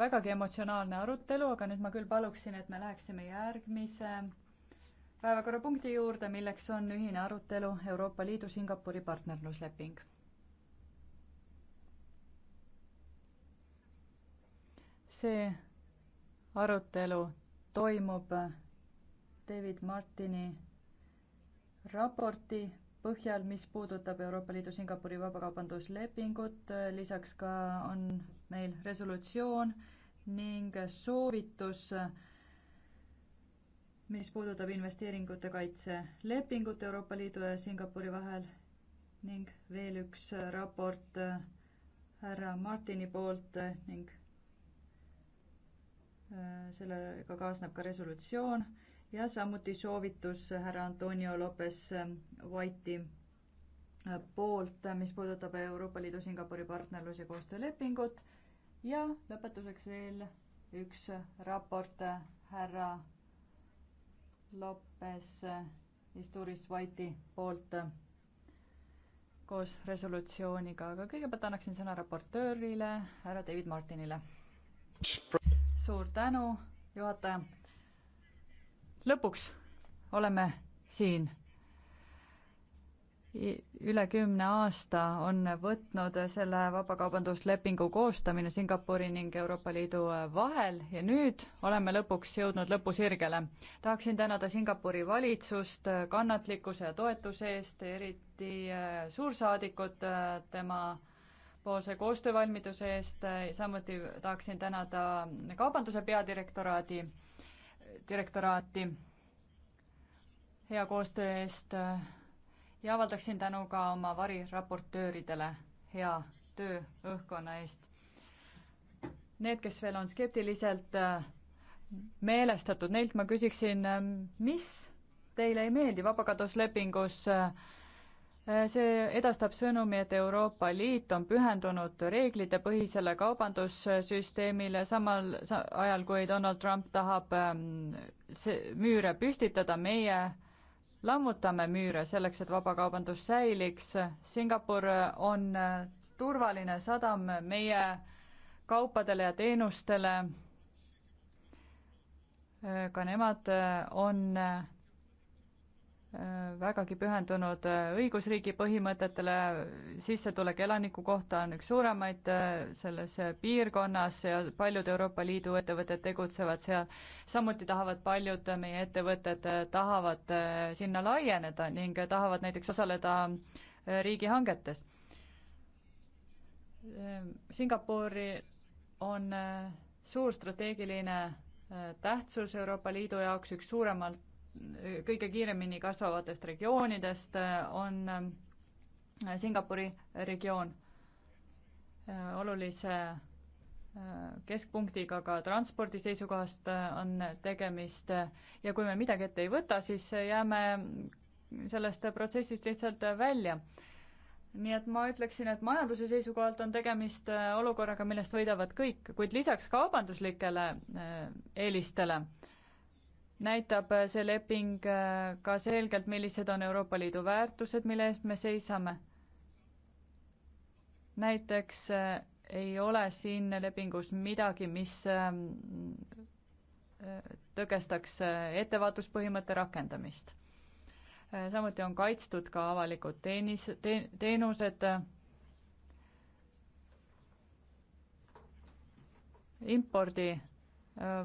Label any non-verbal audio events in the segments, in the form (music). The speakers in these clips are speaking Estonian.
vägagi emotsionaalne arutelu, aga nüüd ma küll paluksin, et me läheksime järgmise päevakorrapunkti juurde, milleks on ühine arutelu Euroopa Liidu Singapuri partnerlusleping. see arutelu toimub David Martini raporti põhjal, mis puudutab Euroopa Liidu Singapuri vabakaubanduslepingut, lisaks ka on meil resolutsioon ning soovitus, mis puudutab investeeringute kaitselepingut Euroopa Liidu ja Singapuri vahel ning veel üks raport äh, härra Martini poolt äh, ning äh, sellega kaasneb ka resolutsioon ja samuti soovitus härra Antonio Lopez White'i poolt, mis puudutab Euroopa Liidu Singapuri partnerlus- ja koostöölepingut ja lõpetuseks veel üks raport härra Lopes Isturis Vaiti poolt koos resolutsiooniga, aga kõigepealt annaksin sõna raportöörile, härra David Martinile. suur tänu, juhataja. lõpuks oleme siin üle kümne aasta on võtnud selle vabakaubanduslepingu koostamine Singapuri ning Euroopa Liidu vahel ja nüüd oleme lõpuks jõudnud lõpusirgele. tahaksin tänada Singapuri valitsust kannatlikkuse ja toetuse eest, eriti eh, suursaadikut eh, tema poolse koostöövalmiduse eest, samuti tahaksin tänada kaubanduse peadirektoraadi, direktoraati hea koostöö eest eh, ja avaldaksin tänu ka oma variraportööridele hea tööõhkkonna eest. Need, kes veel on skeptiliselt äh, meelestatud, neilt ma küsiksin, äh, mis teile ei meeldi vabakatuslepingus äh, see edastab sõnumi, et Euroopa Liit on pühendunud reeglitepõhisele kaubandussüsteemile, samal ajal kui Donald Trump tahab ähm, see müüre püstitada, meie lammutame müüre selleks, et vabakaubandus säiliks. Singapur on turvaline sadam meie kaupadele ja teenustele. ka nemad on vägagi pühendunud äh, õigusriigi põhimõtetele, sissetulek elaniku kohta on üks suuremaid äh, selles äh, piirkonnas ja paljud Euroopa Liidu ettevõtted tegutsevad seal. samuti tahavad paljud meie ettevõtted, tahavad sinna laieneda ning tahavad näiteks osaleda riigihangetes. Singapuri on suur strateegiline tähtsus Euroopa Liidu jaoks, üks suuremalt kõige kiiremini kasvavatest regioonidest on äh, Singapuri regioon äh, olulise äh, keskpunktiga ka transpordi seisukohast on tegemist ja kui me midagi ette ei võta, siis jääme sellest protsessist lihtsalt välja. nii et ma ütleksin, et majanduse seisukohalt on tegemist olukorraga, millest võidavad kõik, kuid lisaks kaubanduslikele eelistele näitab äh, see leping äh, ka selgelt, millised on Euroopa Liidu väärtused, mille eest me seisame. näiteks äh, ei ole siin lepingus midagi, mis ähm, tõkestaks ettevaatuspõhimõtte rakendamist. samuti on kaitstud ka avalikud teenis- te,, teenused. impordi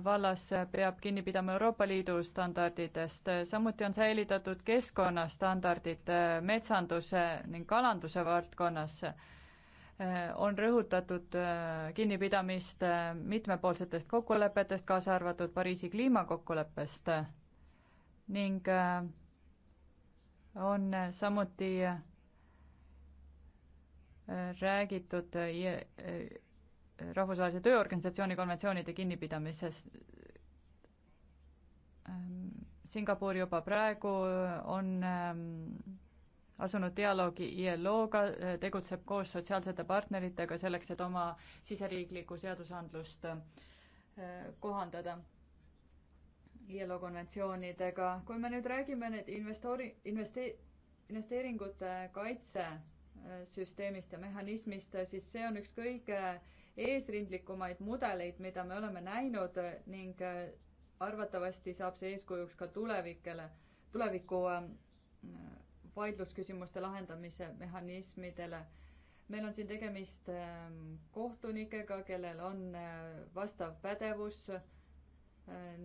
vallas peab kinni pidama Euroopa Liidu standarditest, samuti on säilitatud keskkonnastandardid metsanduse ning kalanduse valdkonnas. on rõhutatud kinnipidamist mitmepoolsetest kokkulepetest, kaasa arvatud Pariisi kliimakokkuleppest ning on samuti räägitud rahvusvahelise tööorganisatsiooni konventsioonide kinnipidamises. Ähm, Singapur juba praegu äh, on ähm, asunud dialoogi ILO-ga, äh, tegutseb koos sotsiaalsete partneritega selleks, et oma siseriiklikku seadusandlust äh, kohandada ILO konventsioonidega. kui me nüüd räägime nüüd investori-, investe-, investeeringute kaitsesüsteemist ja mehhanismist, siis see on üks kõige eesrindlikumaid mudeleid, mida me oleme näinud ning äh, arvatavasti saab see eeskujuks ka tulevikele, tuleviku äh, vaidlusküsimuste lahendamise mehhanismidele. meil on siin tegemist äh, kohtunikega, kellel on vastav pädevus,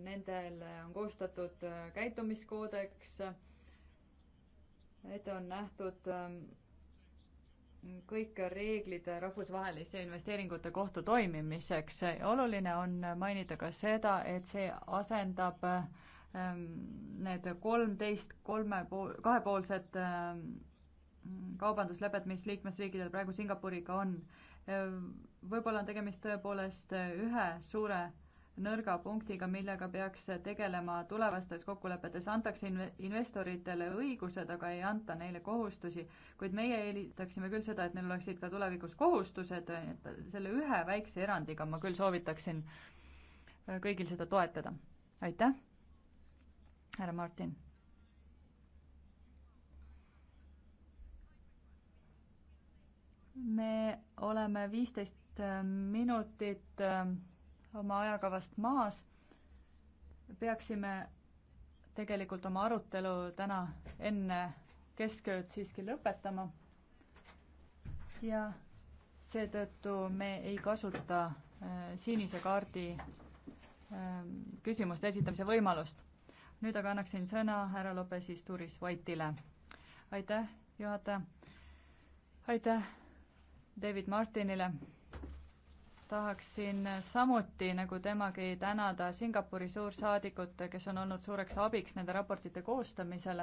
nendel on koostatud käitumiskoodeks, ette on nähtud kõik reeglid Rahvusvahelise Investeeringute Kohtu toimimiseks. oluline on mainida ka seda, et see asendab ähm, need kolmteist kolme pool, kahepoolsed ähm, kaubanduslepet, mis liikmesriikidel praegu Singapuriga on. Äh, võib-olla on tegemist tõepoolest ühe suure nõrga punktiga, millega peaks tegelema tulevastes kokkulepetes. antakse investoritele õigused, aga ei anta neile kohustusi, kuid meie eelitaksime küll seda, et neil oleksid ka tulevikus kohustused, et selle ühe väikse erandiga ma küll soovitaksin kõigil seda toetada. aitäh, härra Martin. me oleme viisteist minutit äh, oma ajakavast maas. peaksime tegelikult oma arutelu täna enne keskööd siiski lõpetama. ja seetõttu me ei kasuta äh, sinise kaardi ähm, küsimuste esitamise võimalust. nüüd aga annaksin sõna härra Lopes Isturis Vaitile. aitäh, juhataja. aitäh David Martinile tahaksin samuti nagu temagi tänada Singapuri suursaadikut, kes on olnud suureks abiks nende raportite koostamisel.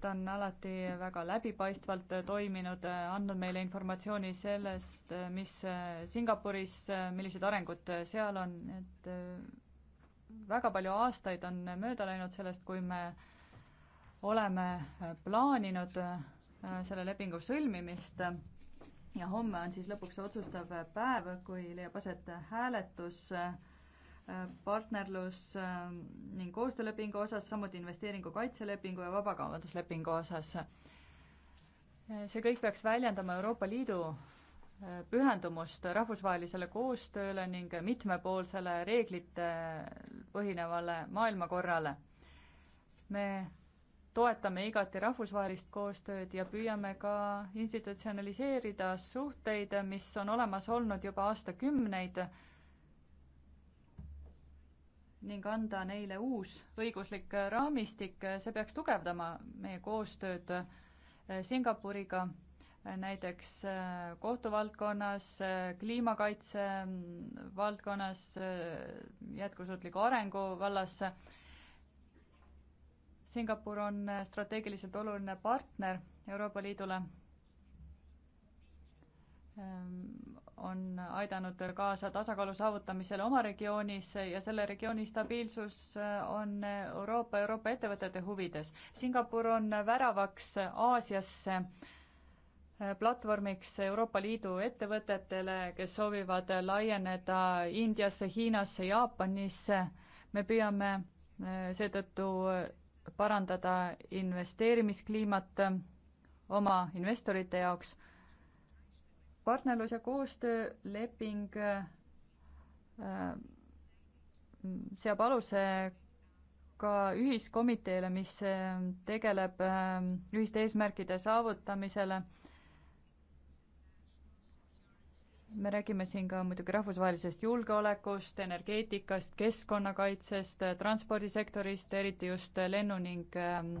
ta on alati väga läbipaistvalt toiminud, andnud meile informatsiooni sellest, mis Singapuris, millised arengud seal on, et väga palju aastaid on mööda läinud sellest, kui me oleme plaaninud selle lepingu sõlmimist ja homme on siis lõpuks otsustav päev, kui leiab aset hääletus äh, partnerlus äh, ning koostöölepingu osas, samuti investeeringu kaitselepingu ja vabakaubanduslepingu osas. see kõik peaks väljendama Euroopa Liidu äh, pühendumust rahvusvahelisele koostööle ning mitmepoolsele reeglite põhinevale maailmakorrale. me toetame igati rahvusvahelist koostööd ja püüame ka institutsionaliseerida suhteid, mis on olemas olnud juba aastakümneid ning anda neile uus õiguslik raamistik, see peaks tugevdama meie koostööd Singapuriga näiteks kohtuvaldkonnas, kliimakaitse valdkonnas, jätkusuutliku arengu vallas Singapur on äh, strateegiliselt oluline partner Euroopa Liidule, ähm, on aidanud kaasa tasakaalu saavutamisele oma regioonis ja selle regiooni stabiilsus äh, on Euroopa, Euroopa ettevõtete huvides. Singapur on väravaks Aasiasse, äh, platvormiks Euroopa Liidu ettevõtetele, kes soovivad laieneda Indiasse, Hiinasse, Jaapanisse. me püüame seetõttu parandada investeerimiskliimat äh, oma investorite jaoks. partnerlus- ja koostööleping äh, seab aluse ka ühiskomiteele, mis äh, tegeleb ühiste eesmärkide saavutamisele me räägime siin ka muidugi rahvusvahelisest julgeolekust, energeetikast, keskkonnakaitsest, transpordisektorist, eriti just lennu- ning ähm,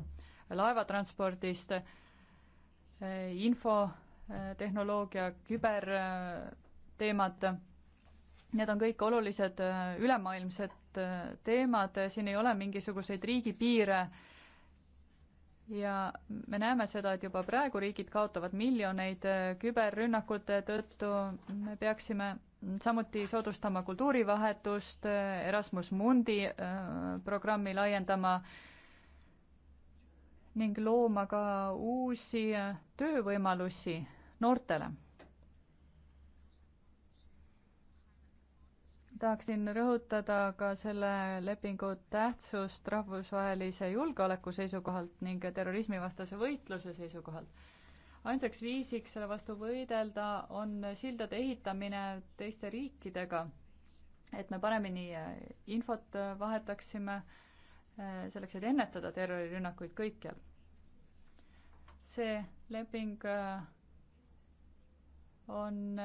laevatranspordist, äh, infotehnoloogia, äh, küberteemad, äh, need on kõik olulised ülemaailmsed teemad, siin ei ole mingisuguseid riigipiire ja me näeme seda, et juba praegu riigid kaotavad miljoneid äh, küberrünnakute tõttu, me peaksime samuti soodustama kultuurivahetust, äh, Erasmus Mundi äh, programmi laiendama ning looma ka uusi töövõimalusi noortele tahaksin rõhutada ka selle lepingu tähtsust rahvusvahelise julgeoleku seisukohalt ning terrorismivastase võitluse seisukohalt. ainsaks viisiks selle vastu võidelda on sildade ehitamine teiste riikidega, et me paremini äh, infot äh, vahetaksime äh, selleks, et ennetada terrorirünnakuid kõikjal. see leping on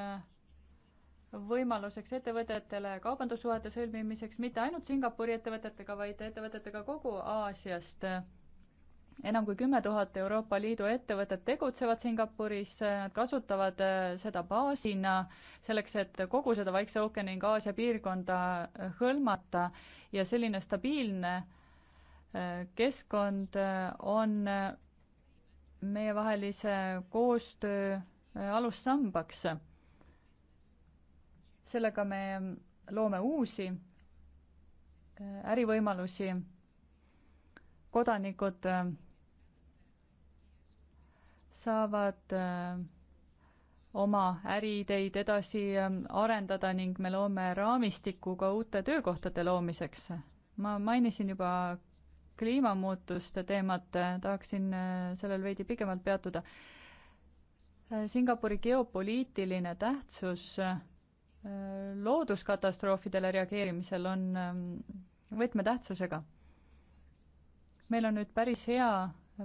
võimaluseks ettevõtetele kaubandussuhete sõlmimiseks mitte ainult Singapuri ettevõtetega, vaid ettevõtetega kogu Aasiast. enam kui kümme tuhat Euroopa Liidu ettevõtet tegutsevad Singapuris, nad kasutavad äh, seda baasina selleks, et kogu seda Vaikse ookeani ning Aasia piirkonda äh, hõlmata ja selline stabiilne äh, keskkond on meievahelise koostöö alussambaks sellega me loome uusi äh, ärivõimalusi, kodanikud äh, saavad äh, oma äriideid edasi arendada ning me loome raamistiku ka uute töökohtade loomiseks. ma mainisin juba kliimamuutuste teemat, tahaksin sellel veidi pikemalt peatuda. Singapuri geopoliitiline tähtsus looduskatastroofidele reageerimisel on ähm, võtmetähtsusega. meil on nüüd päris hea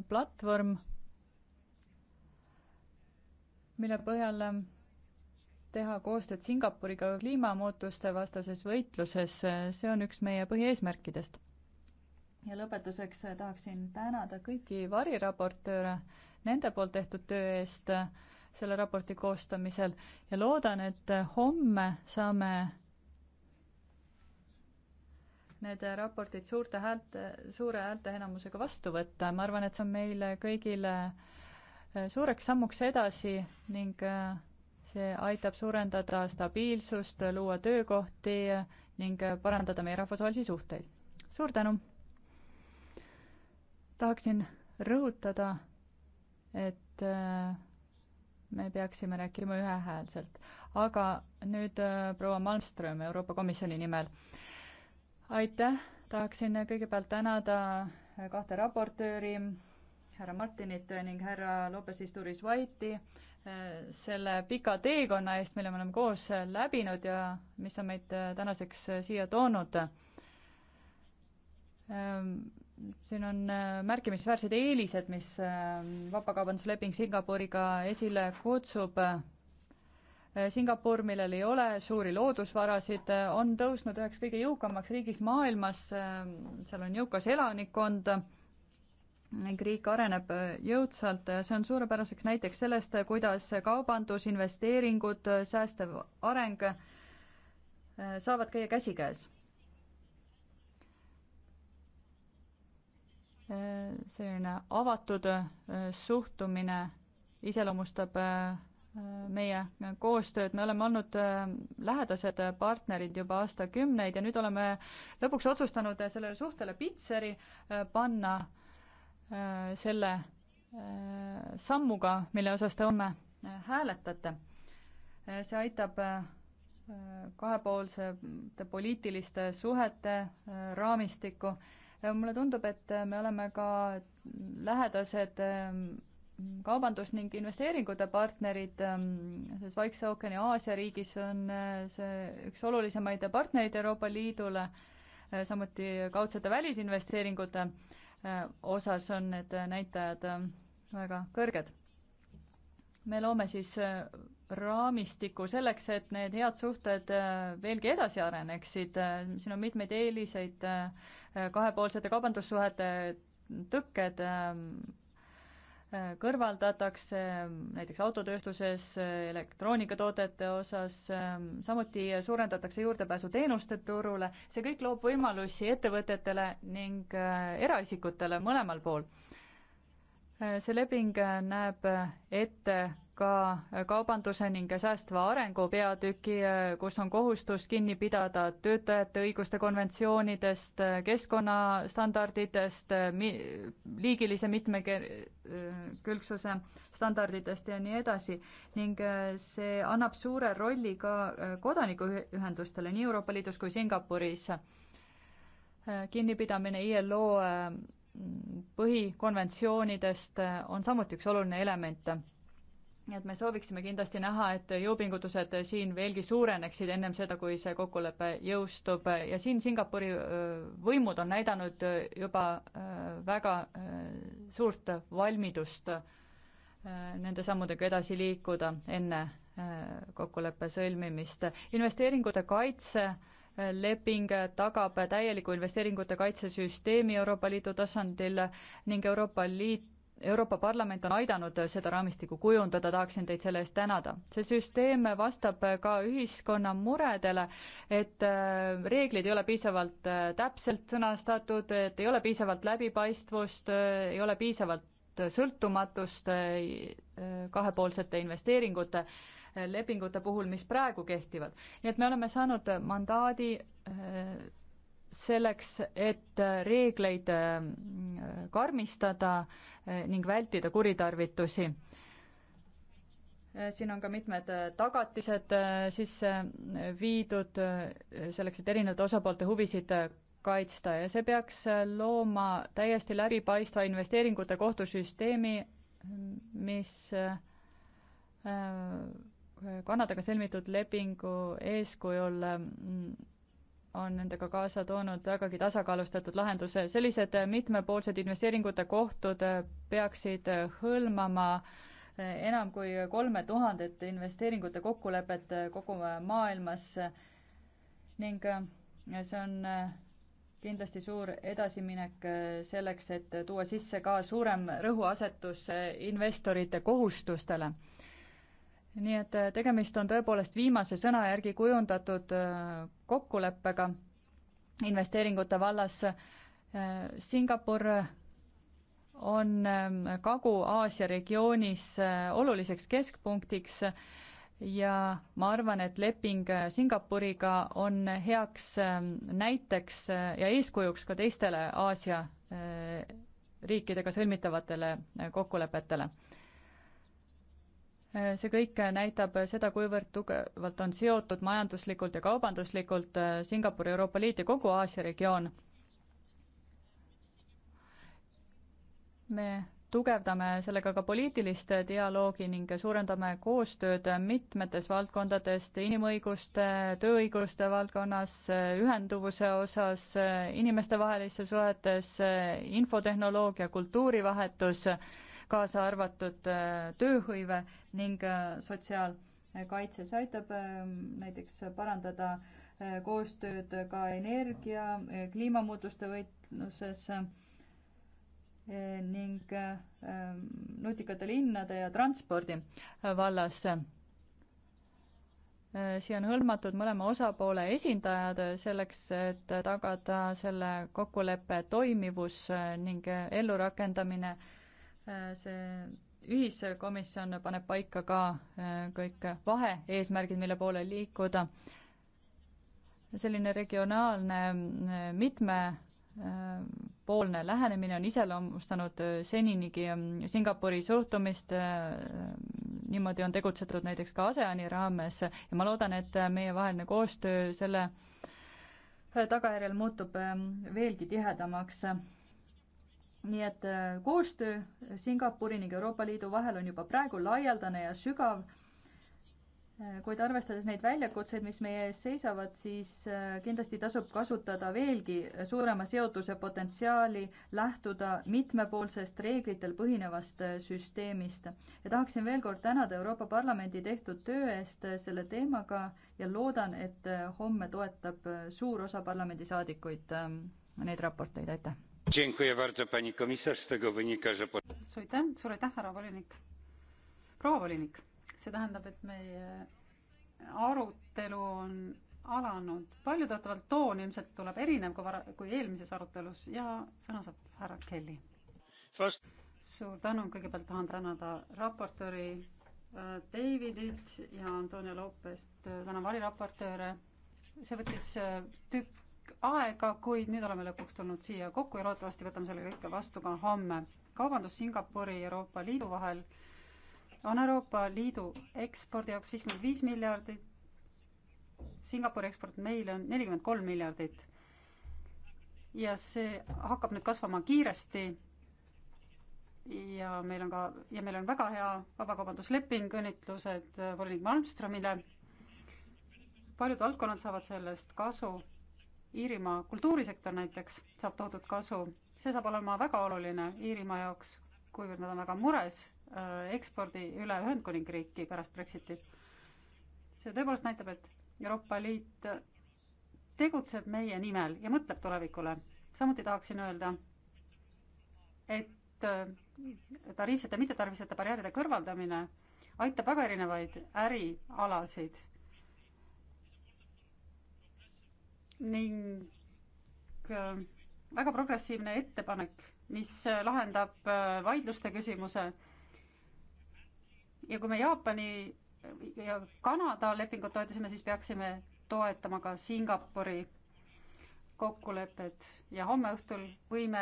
platvorm, mille põhjal ähm, teha koostööd Singapuriga kliimamuutuste vastases võitluses, see on üks meie põhieesmärkidest. ja lõpetuseks tahaksin tänada kõiki variraportööre nende poolt tehtud töö eest äh, selle raporti koostamisel ja loodan, et homme saame need raportid suurte häälte, suure häälteenamusega vastu võtta, ma arvan, et see on meile kõigile äh, suureks sammuks edasi ning äh, see aitab suurendada stabiilsust, luua töökohti ning parandada meie rahvusvahelisi suhteid. suur tänu! tahaksin rõhutada, et äh, me peaksime rääkima ühehäälselt. aga nüüd äh, proua Malmström Euroopa Komisjoni nimel. aitäh, tahaksin kõigepealt tänada äh, kahte raportööri, härra Martinit ning härra Lopez-Isturis Vaiti, äh, selle pika teekonna eest, mille me oleme koos läbinud ja mis on meid tänaseks siia toonud siin on äh, märkimisväärsed eelised, mis äh, vabakaubandusleping Singapuriga esile kutsub. Äh, Singapur, millel ei ole suuri loodusvarasid, on tõusnud üheks kõige jõukamaks riigis maailmas, seal on jõukas elanikkond ning riik areneb jõudsalt, see on suurepäraseks näiteks sellest, kuidas kaubandus, investeeringud, säästev areng saavad käia käsikäes selline avatud äh, suhtumine iseloomustab äh, meie koostööd, me oleme olnud äh, lähedased partnerid juba aastakümneid ja nüüd oleme lõpuks otsustanud sellele suhtele pitseri panna selle sammuga, mille osas te homme hääletate. see aitab kahepoolsete poliitiliste suhete raamistikku mulle tundub, et me oleme ka lähedased ähm, kaubandus- ning investeeringute partnerid, ähm, selles Vaikse ookeani Aasia riigis on äh, see üks olulisemaid partnereid Euroopa Liidule, äh, samuti kaudsete välisinvesteeringute äh, osas on need näitajad ähm, väga kõrged me loome siis äh, raamistiku selleks, et need head suhted äh, veelgi edasi areneksid, äh, siin on mitmeid eeliseid, kahepoolsete kaubandussuhete tõkked kõrvaldatakse näiteks autotööstuses, elektroonikatoodete osas, samuti suurendatakse juurdepääsu teenuste turule, see kõik loob võimalusi ettevõtetele ning eraisikutele mõlemal pool see leping näeb ette ka kaubanduse ning säästva arengu peatüki, kus on kohustus kinni pidada töötajate õiguste konventsioonidest, keskkonnastandarditest, mi-, liigilise mitmekülgsuse standarditest ja nii edasi. ning see annab suure rolli ka kodanikuühendustele nii Euroopa Liidus kui Singapuris. kinnipidamine ILO põhikonventsioonidest äh, on samuti üks oluline element. et me sooviksime kindlasti näha, et jõupingutused siin veelgi suureneksid ennem seda, kui see kokkulepe jõustub ja siin Singapuri äh, võimud on näidanud äh, juba väga suurt valmidust nende sammudega edasi liikuda enne kokkuleppe sõlmimist. investeeringute kaitse leping tagab täieliku investeeringute kaitsesüsteemi Euroopa Liidu tasandil ning Euroopa Liit Euroopa Parlament on aidanud seda raamistikku kujundada, tahaksin teid selle eest tänada. see süsteem vastab ka ühiskonna muredele, et äh, reeglid ei ole piisavalt äh, täpselt sõnastatud, et ei ole piisavalt läbipaistvust, äh, ei ole piisavalt sõltumatust kahepoolsete investeeringute lepingute puhul, mis praegu kehtivad. nii et me oleme saanud mandaadi äh, selleks, et äh, reegleid äh, karmistada ning vältida kuritarvitusi siin on ka mitmed tagatised sisse viidud selleks, et erinevate osapoolte huvisid kaitsta ja see peaks looma täiesti läbipaistva investeeringute kohtusüsteemi, mis Kanadaga sõlmitud lepingu eeskujul mm, on nendega kaasa toonud vägagi tasakaalustatud lahenduse. sellised mitmepoolsed investeeringute kohtud peaksid hõlmama enam kui kolme tuhandet investeeringute kokkulepet kogu maailmas ning see on kindlasti suur edasiminek selleks, et tuua sisse ka suurem rõhuasetus investorite kohustustele nii et äh, tegemist on tõepoolest viimase sõna järgi kujundatud äh, kokkuleppega investeeringute vallas. Äh, Singapur on ähm, Kagu-Aasia regioonis oluliseks keskpunktiks ja ma arvan, et leping Singapuriga on heaks ähm, näiteks ja eeskujuks ka teistele Aasia riikidega sõlmitavatele kokkulepetele see kõik näitab seda, kuivõrd tugevalt on seotud majanduslikult ja kaubanduslikult äh, Singapur, Euroopa Liit ja kogu Aasia regioon. me tugevdame sellega ka poliitilist dialoogi ning suurendame koostööd mitmetes valdkondadest, inimõiguste, tööõiguste valdkonnas, ühenduvuse osas, inimestevahelistes suhetes, infotehnoloogia, kultuurivahetus kaasa arvatud äh, tööhõive ning äh, sotsiaalkaitse. see aitab ähm, näiteks parandada äh, koostööd ka energia, kliimamuutuste võitluses ning ähm, nutikate linnade ja transpordi vallas siia on hõlmatud mõlema osapoole esindajad selleks, et tagada selle kokkuleppe toimivus ning ellurakendamine Äh, see ühiskomisjon paneb paika ka äh, kõik vahe-eesmärgid, mille poole liikuda. selline regionaalne äh, mitmepoolne lähenemine on iseloomustanud seninigi ähm, Singapuri suhtumist, niimoodi on tegutsetud näiteks ka ASEAN-i raames ja ma loodan, et meievaheline koostöö selle tagajärjel muutub ähm, veelgi tihedamaks nii et äh, koostöö Singapuri ning Euroopa Liidu vahel on juba praegu laialdane ja sügav, äh, kuid arvestades neid väljakutseid, mis meie ees seisavad, siis äh, kindlasti tasub kasutada veelgi suurema seotuse potentsiaali, lähtuda mitmepoolsest reeglitel põhinevast süsteemist. ja tahaksin veel kord tänada Euroopa Parlamendi tehtud töö eest selle teemaga ja loodan, et homme toetab suur osa parlamendisaadikuid ähm, neid raporteid, aitäh! suur aitäh, suur aitäh, härra volinik, proua volinik. see tähendab, et meie arutelu on alanud. paljutõotavalt toon ilmselt tuleb erinev kui vara, kui eelmises arutelus ja sõna saab härra Kelly. suur tänu, kõigepealt tahan tänada raportööri äh, Davidit ja Antonio Lopest, äh, tänan variraportööre. see võttis äh, tüüp aega, kuid nüüd oleme lõpuks tulnud siia kokku ja loodetavasti võtame selle kõike vastu ka homme. kaubandus Singapuri ja Euroopa Liidu vahel on Euroopa Liidu ekspordi jaoks viiskümmend viis miljardit, Singapuri eksport meile on nelikümmend kolm miljardit. ja see hakkab nüüd kasvama kiiresti ja meil on ka, ja meil on väga hea vabakaubandusleping, õnnitlused volinik Malmströmile, paljud valdkonnad saavad sellest kasu Iirimaa kultuurisektor näiteks saab toodud kasu, see saab olema väga oluline Iirimaa jaoks, kuivõrd nad on väga mures äh, ekspordi üle Ühendkuningriiki pärast Brexitit. see tõepoolest näitab, et Euroopa Liit tegutseb meie nimel ja mõtleb tulevikule. samuti tahaksin öelda, et äh, tariifsete, mittetariifsete barjääride kõrvaldamine aitab väga erinevaid ärialasid ning äh, väga progressiivne ettepanek, mis äh, lahendab äh, vaidluste küsimuse. ja kui me Jaapani ja Kanada lepingut toetasime, siis peaksime toetama ka Singapuri kokkulepet ja homme õhtul võime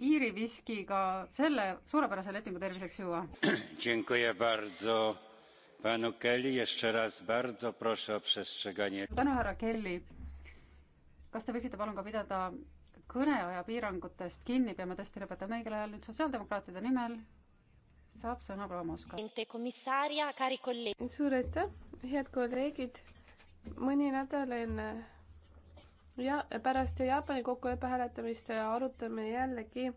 Iiri viskiga selle suurepärase lepingu terviseks juua. (clears throat) tänu, härra Kelly kas te võiksite palun ka pidada kõneaja piirangutest kinni, peame tõesti lõpetama õigel ajal nüüd sotsiaaldemokraatide nimel saab sõna proua Moskva. suur aitäh, head kolleegid. mõni nädal enne ja pärast Jaapani kokkuleppe hääletamist arutame jällegi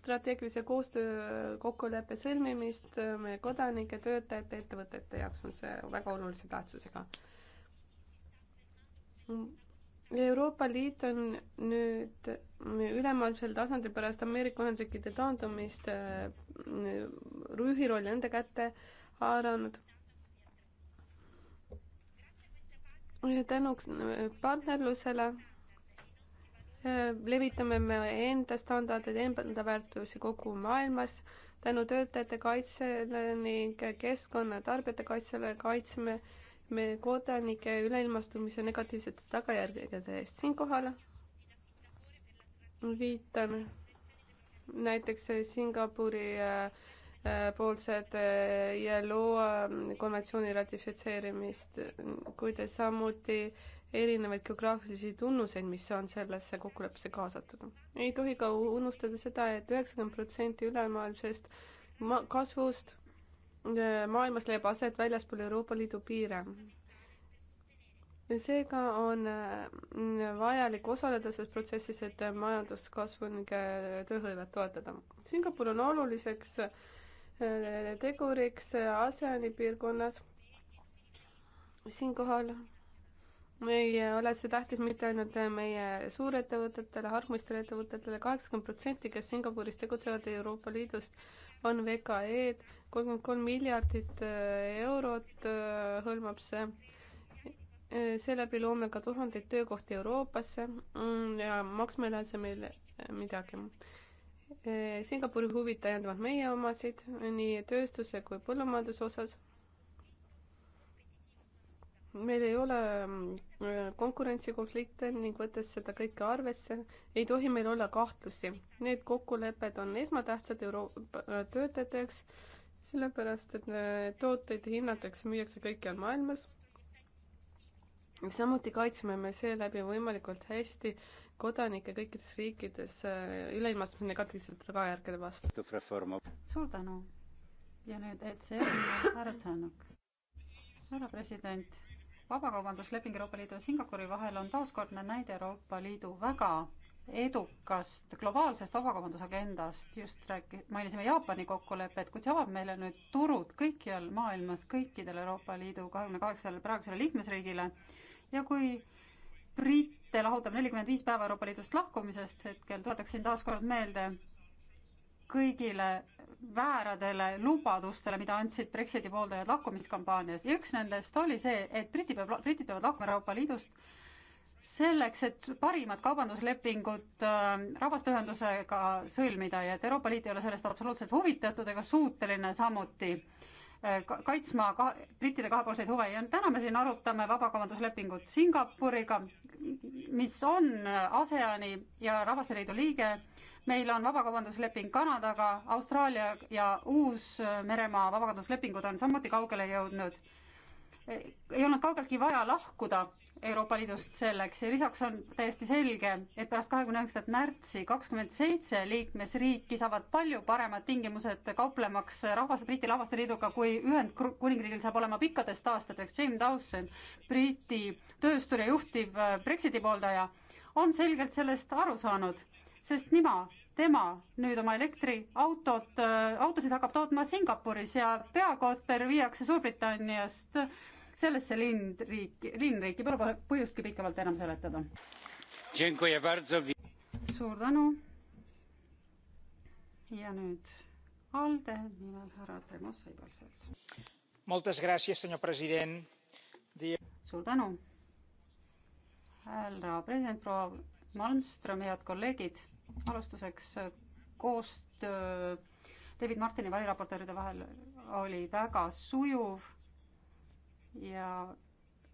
strateegilise koostöö kokkuleppe sõlmimist meie kodanike, töötajate, ettevõtete jaoks on see väga olulise tähtsusega Euroopa Liit on nüüd ülemaailmsel tasandil pärast Ameerika Ühendriikide taandumist juhirolli äh, enda kätte haaranud. tänuks äh, partnerlusele äh, levitame me enda standardeid, enda väärtusi kogu maailmas. tänu töötajate kaitsele ning keskkonna tarbijate kaitsele kaitseme me kodanike üleilmastumise negatiivsete tagajärgede eest. siinkohal viitan näiteks Singapuri äh, äh, poolsed äh, ILO konventsiooni ratifitseerimist, kuid samuti erinevaid geograafilisi tunnuseid, mis on sellesse kokkuleppesse kaasatud. ei tohi ka unustada seda et, et üheksakümmend protsenti ülemaailmsest kasvust maailmas leiab aset väljaspool Euroopa Liidu piire. seega on äh, vajalik osaleda selles protsessis, et majanduskasvu ning äh, tööhõivet toetada. Singapur on oluliseks äh, teguriks ASEAN-i piirkonnas. siinkohal ei ole see tähtis mitte ainult meie suurettevõtetele, hargmistele ettevõtetele, kaheksakümmend protsenti, kes Singapuris tegutsevad Euroopa Liidust, on VKE-d, kolmkümmend kolm miljardit äh, eurot äh, hõlmab see. Äh, seeläbi loome ka tuhandeid töökohti Euroopasse mm, ja maksma ei lähe see meile midagi. Singapuri huvid täiendavad meie omasid nii tööstuse kui põllumajanduse osas meil ei ole mm, äh, konkurentsikonflikte ning võttes seda kõike arvesse, ei tohi meil olla kahtlusi. Need kokkulepped on esmatähtsad Euroopa äh, töötajate jaoks, sellepärast et äh, tooteid hinnatakse, müüakse kõikjal maailmas. samuti kaitseme me seeläbi võimalikult hästi kodanikke kõikides riikides üleilmastumise negatiivsete tagajärgede vastu. suur tänu ja nüüd ECR-i härra Tšanuk härra president, vabakaubandusleping Euroopa Liidu ja Singapuri vahel on taaskordne näide Euroopa Liidu väga edukast globaalsest vabakaubandusagendast, just rääki-, mainisime Jaapani kokkulepet, kuid see avab meile nüüd turud kõikjal maailmas, kõikidele Euroopa Liidu kahekümne kaheksale praegusele liikmesriigile ja kui Brite lahutab nelikümmend viis päeva Euroopa Liidust lahkumisest hetkel, tuletaksin taas kord meelde kõigile vääradele lubadustele, mida andsid Brexiti pooldajad lakkumiskampaanias ja üks nendest oli see, et Briti peab, britid peavad lahkuma Euroopa Liidust selleks, et parimad kaubanduslepingud äh, rahvasteühendusega sõlmida ja et Euroopa Liit ei ole sellest absoluutselt huvitatud ega suuteline samuti äh, kaitsma ka, brittide kahepoolseid huve ja täna me siin arutame vabakaubanduslepingut Singapuriga, mis on ASEAN-i ja Rahvasteliidu liige meil on vabakaubandusleping Kanadaga, Austraalia ja Uus-Meremaa vabakaubanduslepingud on samuti kaugele jõudnud. ei olnud kaugeltki vaja lahkuda Euroopa Liidust selleks ja lisaks on täiesti selge, et pärast kahekümne üheksandat märtsi kakskümmend seitse liikmesriiki saavad palju paremad tingimused kauplemaks rahvaste, Briti Rahvaste Liiduga, kui Ühendkuningriigil saab olema pikkadeks aastateks. James Dawson, Briti tööstur ja juhtiv Brexiti pooldaja, on selgelt sellest aru saanud sest nima, tema nüüd oma elektriautot, äh, autosid hakkab tootma Singapuris ja peakorter viiakse Suurbritanniast sellesse linnriiki, linnriiki, pole põhjustki pikemalt enam seletada. suur tänu. ja nüüd ALDE nimel härra Tremos Seibelsels. suur tänu, härra president, proua Malmström, head kolleegid, alustuseks äh, koostöö David Martini variraportööride vahel oli väga sujuv ja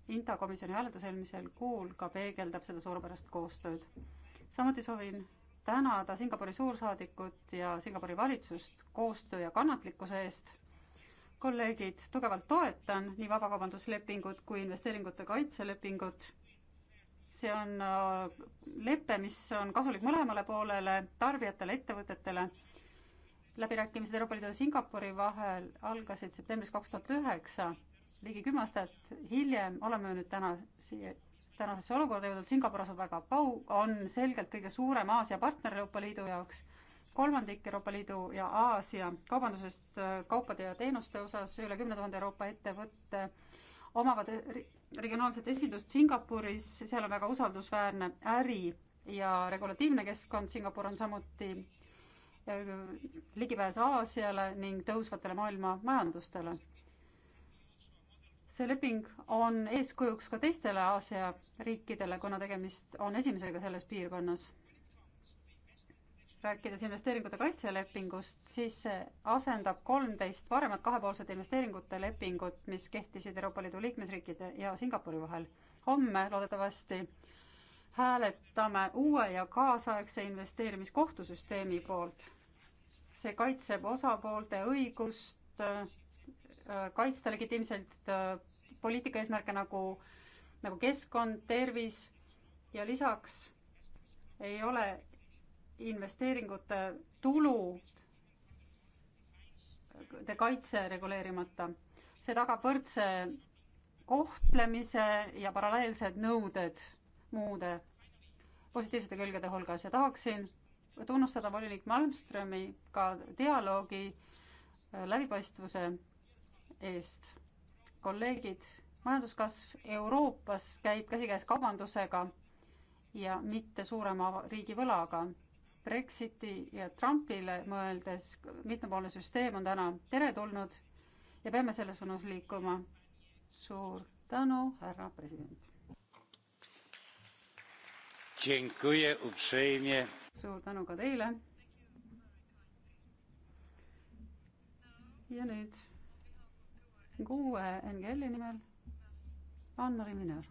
Inta komisjoni hääletus eelmisel kuul ka peegeldab seda suurepärast koostööd. samuti soovin tänada Singapuri suursaadikut ja Singapuri valitsust koostöö ja kannatlikkuse eest. kolleegid, tugevalt toetan nii vabakaubanduslepingut kui investeeringute kaitselepingut see on äh, lepe, mis on kasulik mõlemale poolele, tarbijatele, ettevõtetele. läbirääkimised Euroopa Liidu ja Singapuri vahel algasid septembris kaks tuhat üheksa. ligi kümme aastat hiljem oleme nüüd täna siia, tänasesse olukorda jõudnud, Singapur asub väga pau-, on selgelt kõige suurem Aasia partner Euroopa Liidu jaoks, kolmandik Euroopa Liidu ja Aasia kaubandusest äh, kaupade ja teenuste osas, üle kümne tuhande Euroopa ettevõtte omavad regionaalset esindust Singapuris, seal on väga usaldusväärne äri ja regulatiivne keskkond, Singapur on samuti äh, ligipääs Aasiale ning tõusvatele maailma majandustele. see leping on eeskujuks ka teistele Aasia riikidele, kuna tegemist on esimesega selles piirkonnas rääkides investeeringute kaitselepingust, siis see asendab kolmteist varemat kahepoolset investeeringute lepingut, mis kehtisid Euroopa Liidu liikmesriikide ja Singapuri vahel. homme loodetavasti hääletame uue ja kaasaegse investeerimiskohtusüsteemi poolt. see kaitseb osapoolte õigust äh, kaitsta legitiimselt äh, poliitika eesmärke nagu, nagu keskkond, tervis ja lisaks ei ole investeeringute tulu de kaitse reguleerimata. see tagab võrdse kohtlemise ja paralleelsed nõuded muude positiivsete külgede hulgas ja tahaksin tunnustada volinik Malmströmi ka dialoogi läbipaistvuse eest. kolleegid, majanduskasv Euroopas käib käsikäes kaubandusega ja mitte suurema riigivõlaga Brexiti ja Trumpile mõeldes mitmepoolne süsteem on täna teretulnud ja peame selles suunas liikuma. suur tänu, härra president. suur tänu ka teile. ja nüüd kuue NGL-i nimel Anne-Marie Mineur.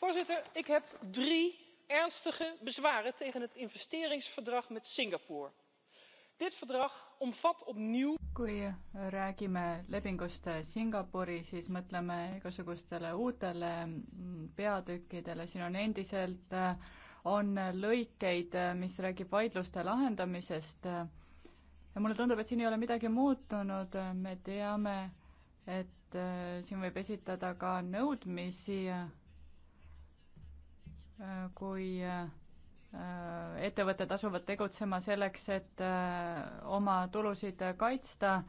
voorzitter, ik heb drie ernstige bezwaren tegen het investeringsverdrag met singapore. dit verdrag omvat opnieuw. kui räägime lepingust singapuri siis mõtleme igasugustele uutele mm, peatükkidele siin on endiselt on lõikeid mis räägib vaidluste lahendamisest ja mulle tundub et siin ei ole midagi muutunud me teame et äh, siin võib esitada ka nõudmisi kui äh, ettevõtted asuvad tegutsema selleks, et äh, oma tulusid kaitsta.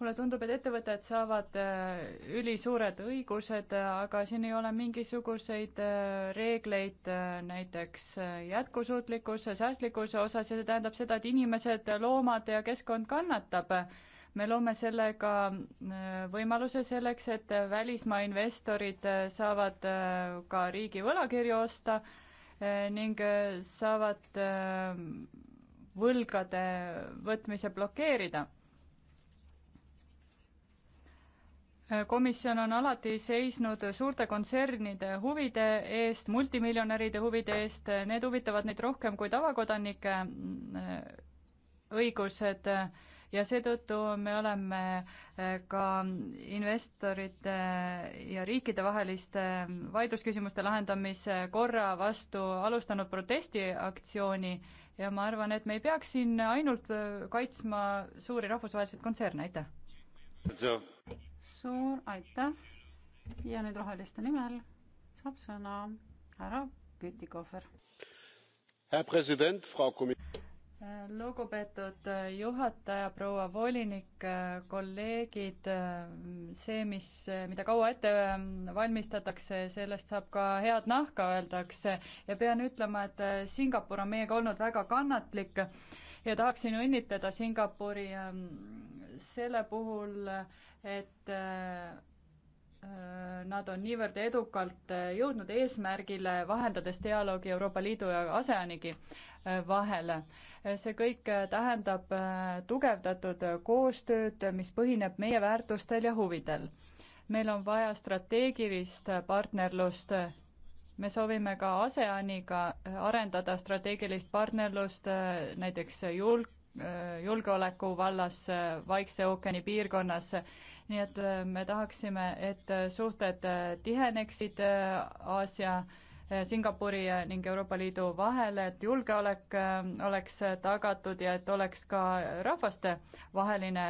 mulle tundub, et ettevõtted saavad äh, ülisuured õigused, aga siin ei ole mingisuguseid reegleid näiteks jätkusuutlikkuse, säästlikkuse osas ja see tähendab seda, et inimesed, loomad ja keskkond kannatab me loome sellega äh, võimaluse selleks, et välismaa investorid äh, saavad äh, ka riigi võlakirju osta ning saavad võlgade võtmise blokeerida. komisjon on alati seisnud suurte kontsernide huvide eest, multimiljonäride huvide eest, need huvitavad neid rohkem kui tavakodanike õigused äh, ja seetõttu me oleme eh, ka investorite ja riikidevaheliste mm, vaidlusküsimuste lahendamise korra vastu alustanud protestiaktsiooni ja ma arvan, et me ei peaks siin ainult eh, kaitsma suuri rahvusvahelisi kontserne, aitäh! suur aitäh ja nüüd Roheliste nimel saab sõna härra Bütikofer. härra president, Frau Komi- lugupeetud äh, juhataja, proua volinik, äh, kolleegid, äh, see, mis, mida kaua ette ähm, valmistatakse, sellest saab ka head nahka, öeldakse. ja pean ütlema, et Singapur on meiega olnud väga kannatlik ja tahaksin õnnitleda Singapuri ähm, selle puhul, et nad on niivõrd edukalt jõudnud eesmärgile, vahendades dialoogi Euroopa Liidu ja ASEANiga vahele. see kõik tähendab äh, tugevdatud koostööd, mis põhineb meie väärtustel ja huvidel. meil on vaja strateegilist partnerlust. me soovime ka ASEANiga äh, arendada strateegilist partnerlust äh, näiteks julg-, julgeoleku vallas Vaikse ookeani piirkonnas. nii et me tahaksime, et suhted tiheneksid Aasia äh, Äh, Singapuri äh, ning Euroopa Liidu vahel, et julgeolek äh, oleks tagatud ja et oleks ka rahvastevaheline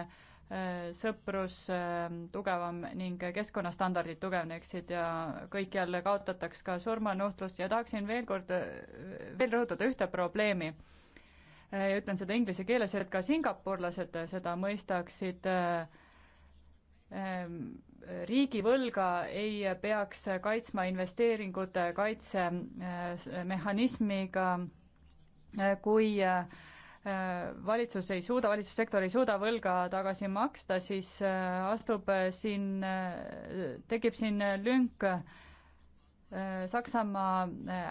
sõprus tugevam ning keskkonnastandardid tugevneksid ja kõikjal kaotataks ka surmanuhtlus ja tahaksin veel kord, veel rõhutada ühte probleemi. ja ütlen seda inglise keeles, et ka singapurlased seda mõistaksid riigivõlga ei peaks kaitsma investeeringute kaitsemehhanismiga, kui äh, valitsus ei suuda, valitsussektor ei suuda võlga tagasi maksta, siis äh, astub äh, siin, tekib siin lünk. Saksamaa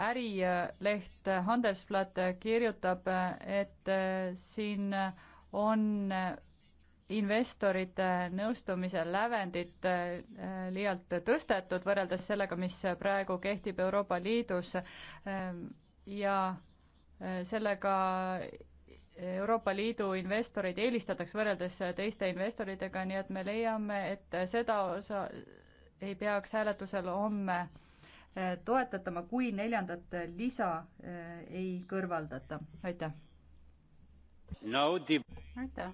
ärileht Handelsblatt kirjutab, et siin on investorite nõustumisel lävendit äh, liialt tõstetud võrreldes sellega, mis praegu kehtib Euroopa Liidus ähm, ja äh, sellega Euroopa Liidu investoreid eelistatakse võrreldes teiste investoritega, nii et me leiame, et seda osa ei peaks hääletusel homme äh, toetatama, kui neljandat lisa ei kõrvaldata. aitäh! aitäh!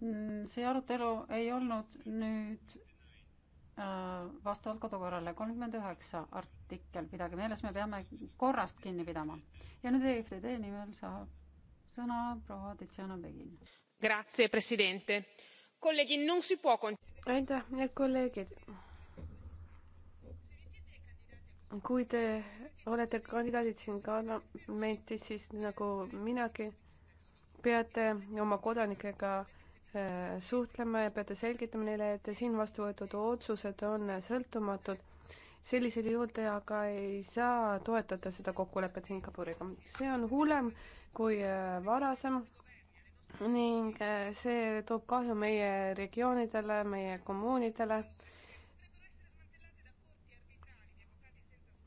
Mm, see arutelu ei olnud nüüd äh, vastavalt kodukorrale kolmkümmend üheksa artikkel, pidage meeles, me peame korrast kinni pidama. ja nüüd EFTD nimel saab sõna proua Tiziana Begin. Grazie, president. kolleegid, non si può con-. aitäh, need kolleegid. kui te olete kandidaadid siin parlamentis, siis nagu minagi, peate oma kodanikega suhtlema ja peate selgitama neile, et siin vastu võetud otsused on sõltumatud. sellisel juhul te aga ei saa toetada seda kokkulepet Singapuriga. see on hullem kui äh, varasem ning äh, see toob kahju meie regioonidele, meie kommuunidele.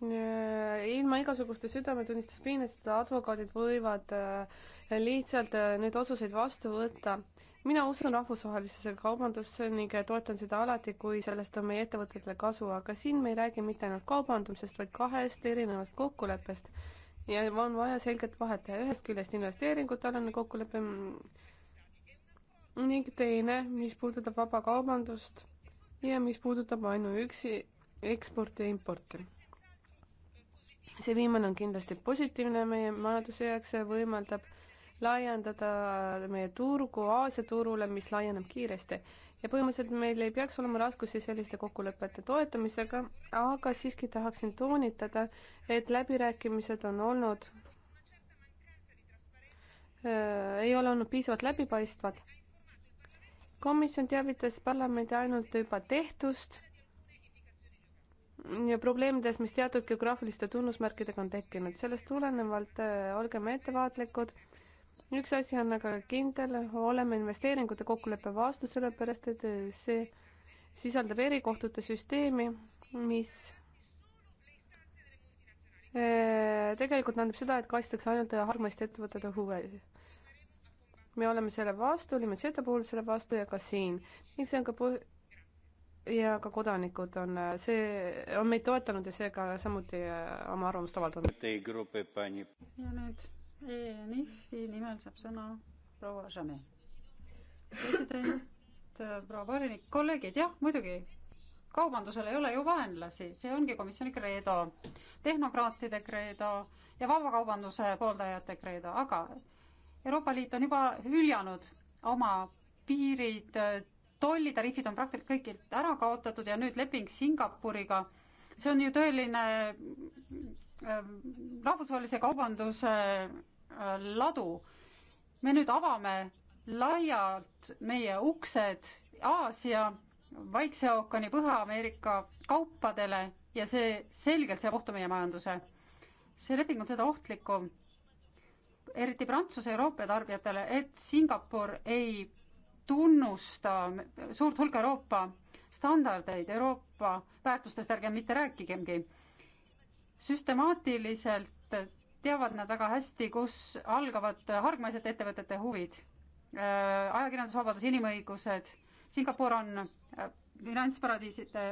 Äh, ilma igasuguste südametunnistuse piinadeta advokaadid võivad lihtsalt neid otsuseid vastu võtta mina usun rahvusvahelisesse kaubandusse ning toetan seda alati, kui sellest on meie ettevõtetele kasu, aga siin me ei räägi mitte ainult kaubandusest, vaid kahest erinevast kokkuleppest. ja on vaja selget vahet teha, ühest küljest investeeringutealane kokkulepe ning teine, mis puudutab vabakaubandust ja mis puudutab ainuüksi eksporti ja importi see viimane on kindlasti positiivne meie majanduse jaoks ja võimaldab laiendada meie turgu Aasia turule, mis laieneb kiiresti. ja põhimõtteliselt meil ei peaks olema raskusi selliste kokkulepete toetamisega, aga siiski tahaksin toonitada, et läbirääkimised on olnud äh,, ei ole olnud piisavalt läbipaistvad. komisjon teavitas parlamendi ainult juba tehtust ja probleemides, mis teatud geograafiliste tunnusmärkidega on tekkinud. sellest tulenevalt äh, olgem ettevaatlikud üks asi on aga kindel, oleme investeeringute kokkuleppe vastu, sellepärast et see sisaldab erikohtute süsteemi, mis eh, tegelikult tähendab seda, et kaitstakse ainult hargmaiste ettevõtete huve. me oleme selle vastu, olime seda puhul selle vastu ja ka siin. ning see on ka po-, ja ka kodanikud on, see on meid toetanud ja seega samuti eh, oma arvamust avaldanud. ja nüüd ENF-i nimel saab sõna proua Jame. president, proua volinik, kolleegid, jah, muidugi, kaubandusel ei ole ju vaenlasi, see ongi komisjoni kreedo, tehnokraatide kreedo ja vabakaubanduse pooldajate kreedo, aga Euroopa Liit on juba hüljanud oma piirid, tollitariifid on praktiliselt kõikilt ära kaotatud ja nüüd leping Singapuriga, see on ju tõeline äh, rahvusvahelise kaubanduse ladu. me nüüd avame laialt meie uksed Aasia, Vaikse ookeani, Põhja-Ameerika kaupadele ja see selgelt seab ohtu meie majanduse. see leping on seda ohtlikum, eriti Prantsuse Euroopa tarbijatele, et Singapur ei tunnusta suurt hulka Euroopa standardeid, Euroopa väärtustest ärgem mitte rääkigemgi. süstemaatiliselt teavad nad väga hästi, kus algavad hargmaisete ettevõtete huvid. Äh, ajakirjandusvabadus, inimõigused, Singapur on äh, finantsparadiiside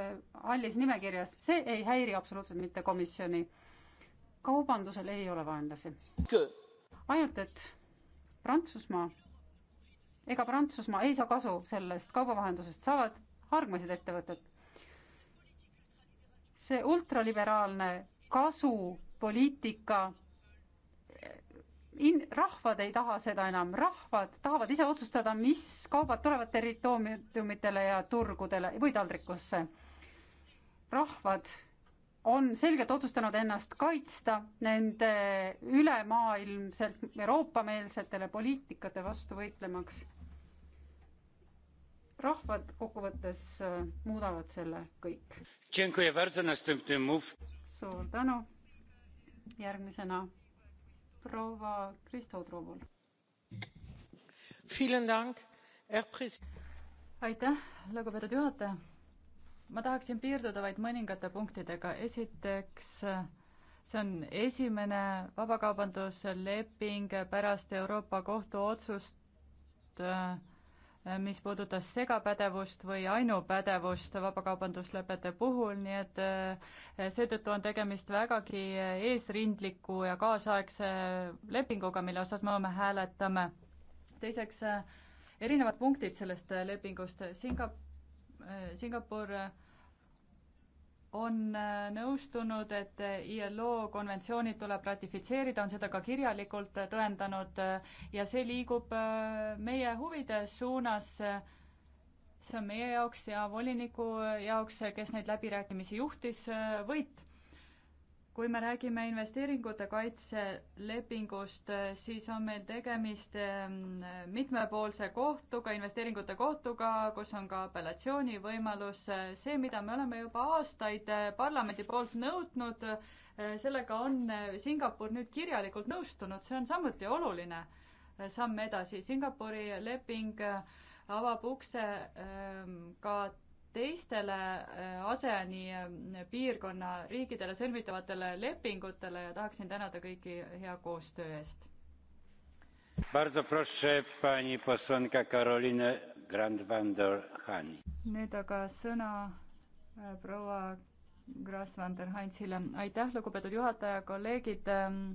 hallis nimekirjas, see ei häiri absoluutselt mitte komisjoni. kaubandusel ei ole vaenlasi. ainult, et Prantsusmaa, ega Prantsusmaa ei saa kasu sellest kaubavahendusest, saavad hargmaised ettevõtted. see ultraliberaalne kasupoliitika in-, rahvad ei taha seda enam, rahvad tahavad ise otsustada, mis kaubad tulevad territooriumitele ja turgudele või taldrikusse. rahvad on selgelt otsustanud ennast kaitsta nende ülemaailmselt Euroopa-meelsetele poliitikate vastu võitlemaks. rahvad kokkuvõttes äh, muudavad selle kõik. suur tänu. järgmisena proua Kristo Truubul. aitäh, lugupeetud juhataja. ma tahaksin piirduda vaid mõningate punktidega. esiteks, see on esimene vabakaubandusleping pärast Euroopa Kohtu otsust äh, Äh, mis puudutas segapädevust või ainupädevust vabakaubanduslepete puhul, nii et äh, seetõttu on tegemist vägagi äh, eesrindliku ja kaasaegse lepinguga, mille osas me homme hääletame. teiseks, erinevad punktid sellest lepingust, Singap-, Singapur, Singapur on äh, nõustunud, et ILO konventsioonid tuleb ratifitseerida, on seda ka kirjalikult äh, tõendanud äh, ja see liigub meie huvide suunas. see on meie jaoks ja voliniku jaoks, kes neid läbirääkimisi juhtis, võit kui me räägime investeeringute kaitselepingust, siis on meil tegemist ehm, mitmepoolse kohtuga, investeeringute kohtuga, kus on ka apellatsioonivõimalus. see, mida me oleme juba aastaid eh, parlamendi poolt nõudnud, eh, sellega on eh, Singapur nüüd kirjalikult nõustunud, see on samuti oluline samm edasi. Singapuri leping avab ukse ehm, ka teistele äh, ASEAN-i äh, piirkonna riikidele sõlmitavatele lepingutele ja tahaksin tänada kõiki hea koostöö eest. nüüd aga sõna äh, proua Grasvanderhansile. aitäh, lugupeetud juhataja, kolleegid ähm,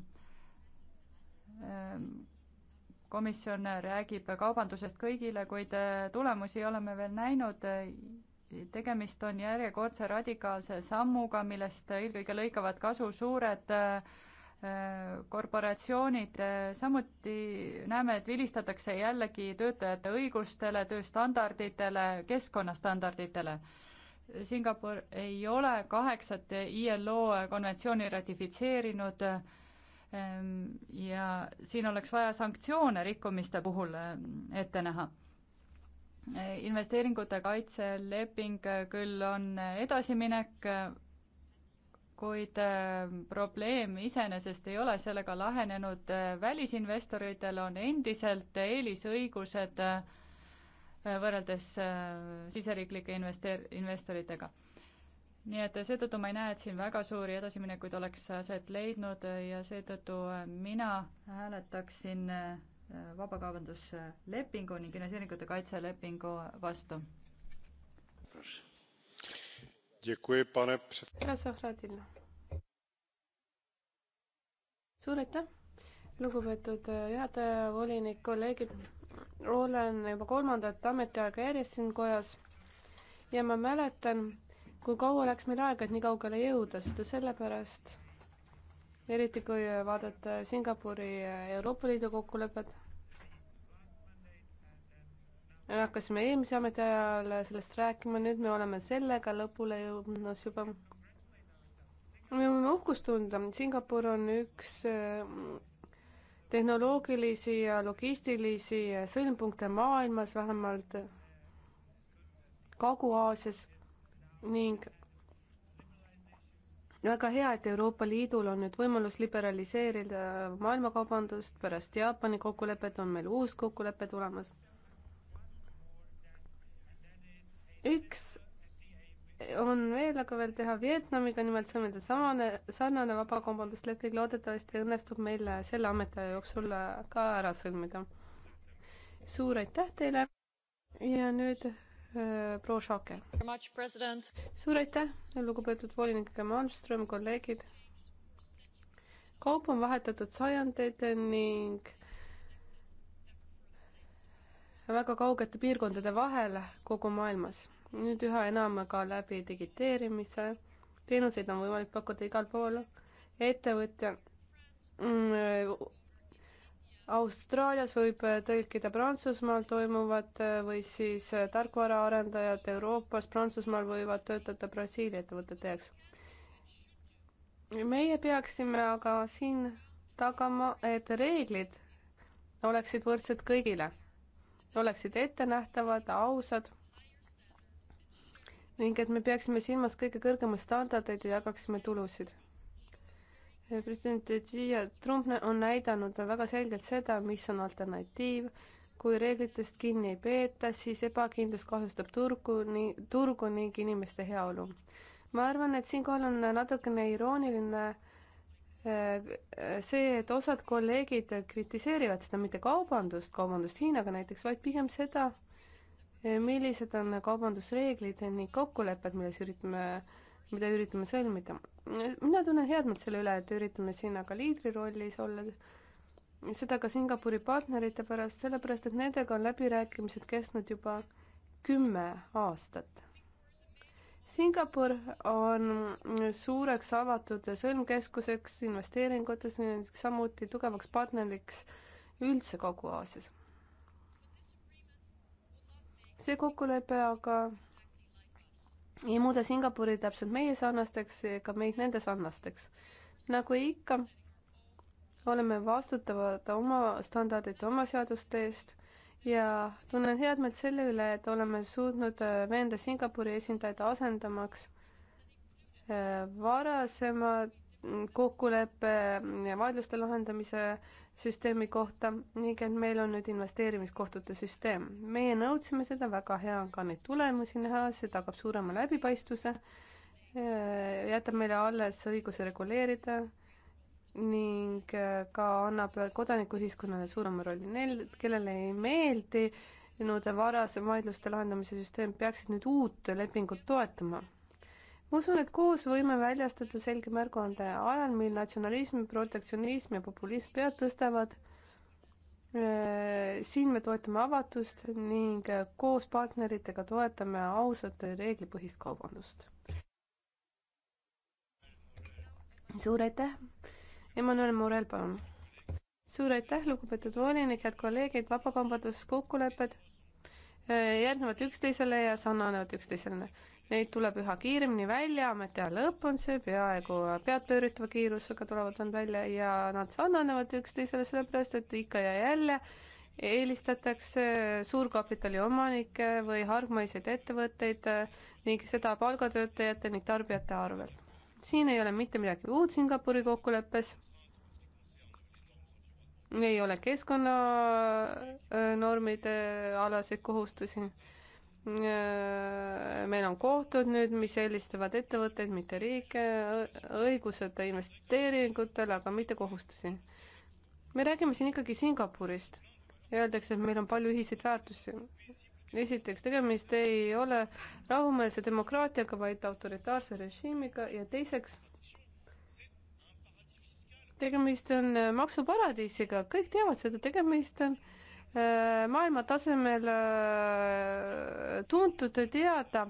ähm, komisjon räägib kaubandusest kõigile, kuid tulemusi oleme veel näinud tegemist on järjekordse radikaalse sammuga, millest eelkõige lõikavad kasu suured äh, korporatsioonid, samuti näeme, et vilistatakse jällegi töötajate õigustele, tööstandarditele, keskkonnastandarditele. Singapur ei ole kaheksat ILO konventsiooni ratifitseerinud ähm, ja siin oleks vaja sanktsioone rikkumiste puhul äh, ette näha investeeringute kaitseleping äh, küll on äh, edasiminek, äh, kuid probleem iseenesest ei ole sellega lahenenud, välisinvestoritel on endiselt eelisõigused võrreldes siseriiklike investeer-, investoritega. nii et seetõttu ma ei näe, et siin väga suuri edasiminekuid oleks aset leidnud ja seetõttu mina hääletaksin vabakaubanduslepingu ning investeeringute kaitselepingu vastu. härra Zahradil. suur aitäh, lugupeetud äh, juhataja, volinik, kolleegid. olen juba kolmandat ametiaega järjest siin kojas ja ma mäletan, kui kaua läks meil aega, et nii kaugele jõuda, seda sellepärast eriti kui vaadata Singapuri Euroopa Liidu kokkulepet. me hakkasime eelmise ametiaja ajal sellest rääkima, nüüd me oleme sellega lõpule jõudmas juba. me võime uhkust tunda, Singapur on üks äh, tehnoloogilisi ja logistilisi sõlmpunkte maailmas, vähemalt Kagu-Aasias ning väga hea, et Euroopa Liidul on nüüd võimalus liberaliseerida maailmakaubandust, pärast Jaapani kokkulepet on meil uus kokkulepe tulemas. üks on veel aga veel teha Vietnamiga, nimelt sõlmida samane, sarnane vabakaubandusleping, loodetavasti õnnestub meil selle ametiaja jooksul ka ära sõlmida. suur aitäh teile ja nüüd Äh, proua Šaake. suur aitäh, lugupeetud volinik Malmström, kolleegid. kaup on vahetatud sajandeid ning väga kaugete piirkondade vahel kogu maailmas. nüüd üha enam ka läbi digiteerimise. teenuseid on võimalik pakkuda igal pool. ettevõtja mm, Austraalias võib äh, tõlkida Prantsusmaal toimuvat äh, või siis äh, tarkvaraarendajad Euroopas, Prantsusmaal võivad töötada Brasiilia ettevõtete heaks. meie peaksime aga siin tagama, et reeglid oleksid võrdsed kõigile, oleksid ettenähtavad, ausad ning et me peaksime silmas kõige kõrgemaid standardeid ja jagaksime tulusid president Gia Trump on näidanud väga selgelt seda, mis on alternatiiv. kui reeglitest kinni ei peeta, siis ebakindlus kahjustab turgu, nii, turgu ning inimeste heaolu. ma arvan, et siinkohal on natukene irooniline äh, see, et osad kolleegid kritiseerivad seda mitte kaubandust, kaubandust Hiinaga näiteks, vaid pigem seda, millised on kaubandusreeglid ning kokkulepped, milles üritame, mida üritame sõlmida mina tunnen head meelt selle üle, et üritame siin aga liidri rollis olla, seda ka Singapuri partnerite pärast, sellepärast et nendega on läbirääkimised kestnud juba kümme aastat. Singapur on suureks avatud sõlmkeskuseks investeeringutes, samuti tugevaks partneriks üldse kogu Aasias. see kokkulepe aga ei muuda Singapuri täpselt meie sarnasteks ega meid nende sarnasteks. nagu ikka, oleme vastutavad oma standardite, oma seaduste eest ja tunnen head meelt selle üle, et oleme suutnud äh, veenda Singapuri esindajaid asendamaks äh, varasema kokkuleppe ja äh, vaidluste lahendamise süsteemi kohta ning et meil on nüüd investeerimiskohtute süsteem. meie nõudsime seda, väga hea on ka neid tulemusi näha, see tagab suurema läbipaistvuse, äh, jätab meile alles õiguse reguleerida ning äh, ka annab kodanikuühiskonnale suurema rolli. Neil, kellele ei meeldi nii-öelda varasem vaidluste lahendamise süsteem, peaksid nüüd uut lepingut toetama ma usun, et koos võime väljastada selge märguande ajal, mil natsionalism, protektsionism ja populism pead tõstavad. Äh, siin me toetame avatust ning äh, koos partneritega toetame ausat reeglipõhist kaubandust. suur aitäh. Emmanuel Morel, palun. suur aitäh, lugupeetud volinik, head kolleegid, vabakaubanduskokkulepped äh, järgnevad üksteisele ja sarnanevad üksteisele Neid tuleb üha kiiremini välja, ametiaja lõpp on see, peaaegu peadpööritava kiirusega tulevad nad välja ja nad sarnanevad üksteisele, sellepärast et ikka ja jälle eelistatakse suurkapitali omanikke või hargmaiseid ettevõtteid ning seda palgatöötajate ning tarbijate arvelt. siin ei ole mitte midagi uut Singapuri kokkuleppes ei ole keskkonnanormide alaseid kohustusi Äh, meil on kohtud nüüd, mis eelistavad ettevõtteid, mitte riike, õigused investeeringutele, aga mitte kohustusi. me räägime siin ikkagi Singapurist. Öeldakse, et meil on palju ühiseid väärtusi. esiteks, tegemist ei ole rahumeelse demokraatiaga, vaid autoritaarse režiimiga ja teiseks, tegemist on maksuparadiisiga, kõik teavad seda, tegemist on äh, Äh, maailma tasemel äh, tuntud teada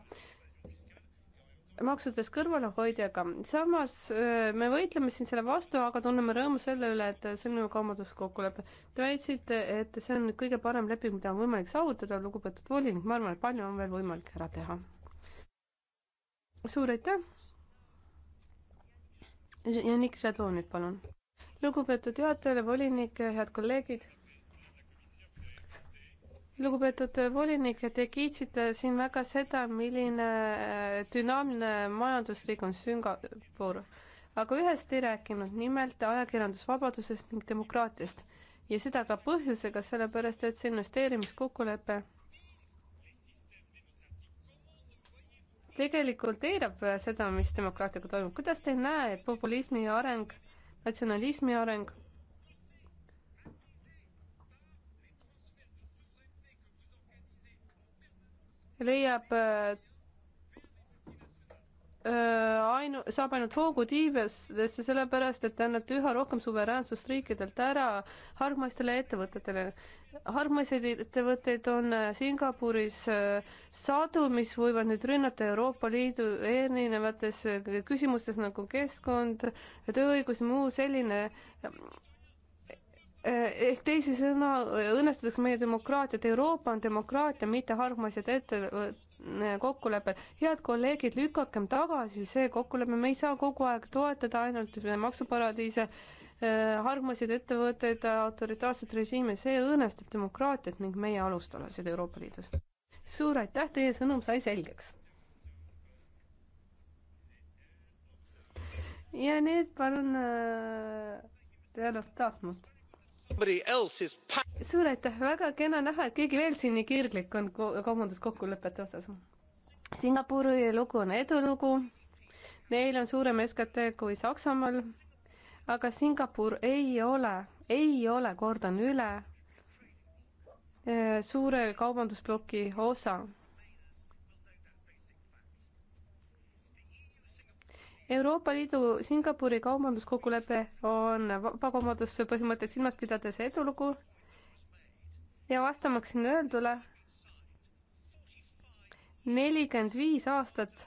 maksudest kõrvalehoidjaga. samas äh, me võitleme siin selle vastu, aga tunneme rõõmu selle üle, et sõlmime kaubanduskokkuleppe. Te väitsite, et see on kõige parem leping, mida on võimalik saavutada, lugupeetud volinik, ma arvan, et palju on veel võimalik ära teha. suur aitäh! Janik Žadov nüüd palun. lugupeetud juhatajale, volinik, head kolleegid lugupeetud volinik, te kiitsite siin väga seda, milline äh, dünaamiline majandusriik on Singapur, aga ühest ei rääkinud, nimelt ajakirjandusvabadusest ning demokraatiast. ja seda ka põhjusega, sellepärast et see investeerimiskokkulepe tegelikult eirab seda, mis demokraatiaga toimub. kuidas te ei näe, et populismi areng, natsionalismi areng leiab äh, äh, ainu-, saab ainult hoogu tiivadesse, sellepärast et te annate üha rohkem suveräänsust riikidelt ära hargmaistele ettevõtetele. hargmaiseid ettevõtteid on äh, Singapuris sadu, mis võivad nüüd rünnata Euroopa Liidu erinevates küsimustes nagu keskkond, tööõigus, muu selline Eh, ehk teisisõna eh, õnnestatakse meie demokraatiat, Euroopa on demokraatia, mitte hargmaised ette eh, kokkulepped. head kolleegid, lükakem tagasi see kokkulepe, me ei saa kogu aeg toetada ainult maksuparadiise, hargmasid ettevõtteid, autoritaarset režiimi, see õõnestab demokraatiat ning meie alustalasid Euroopa Liidus. suur aitäh, teie sõnum sai selgeks. ja nüüd palun äh, teadust tahtmata suur aitäh, väga kena näha, et keegi veel siin nii kirglik on kaubanduskokkulepete osas. Singapuri lugu on edulugu, neil on suurem SKT kui Saksamaal, aga Singapur ei ole, ei ole, kordan üle, eh, suure kaubandusploki osa Euroopa Liidu Singapuri kaubanduskokkulepe on vabakaubanduse põhimõtteid silmas pidades edulugu ja vastamaks siin öeldule, nelikümmend viis aastat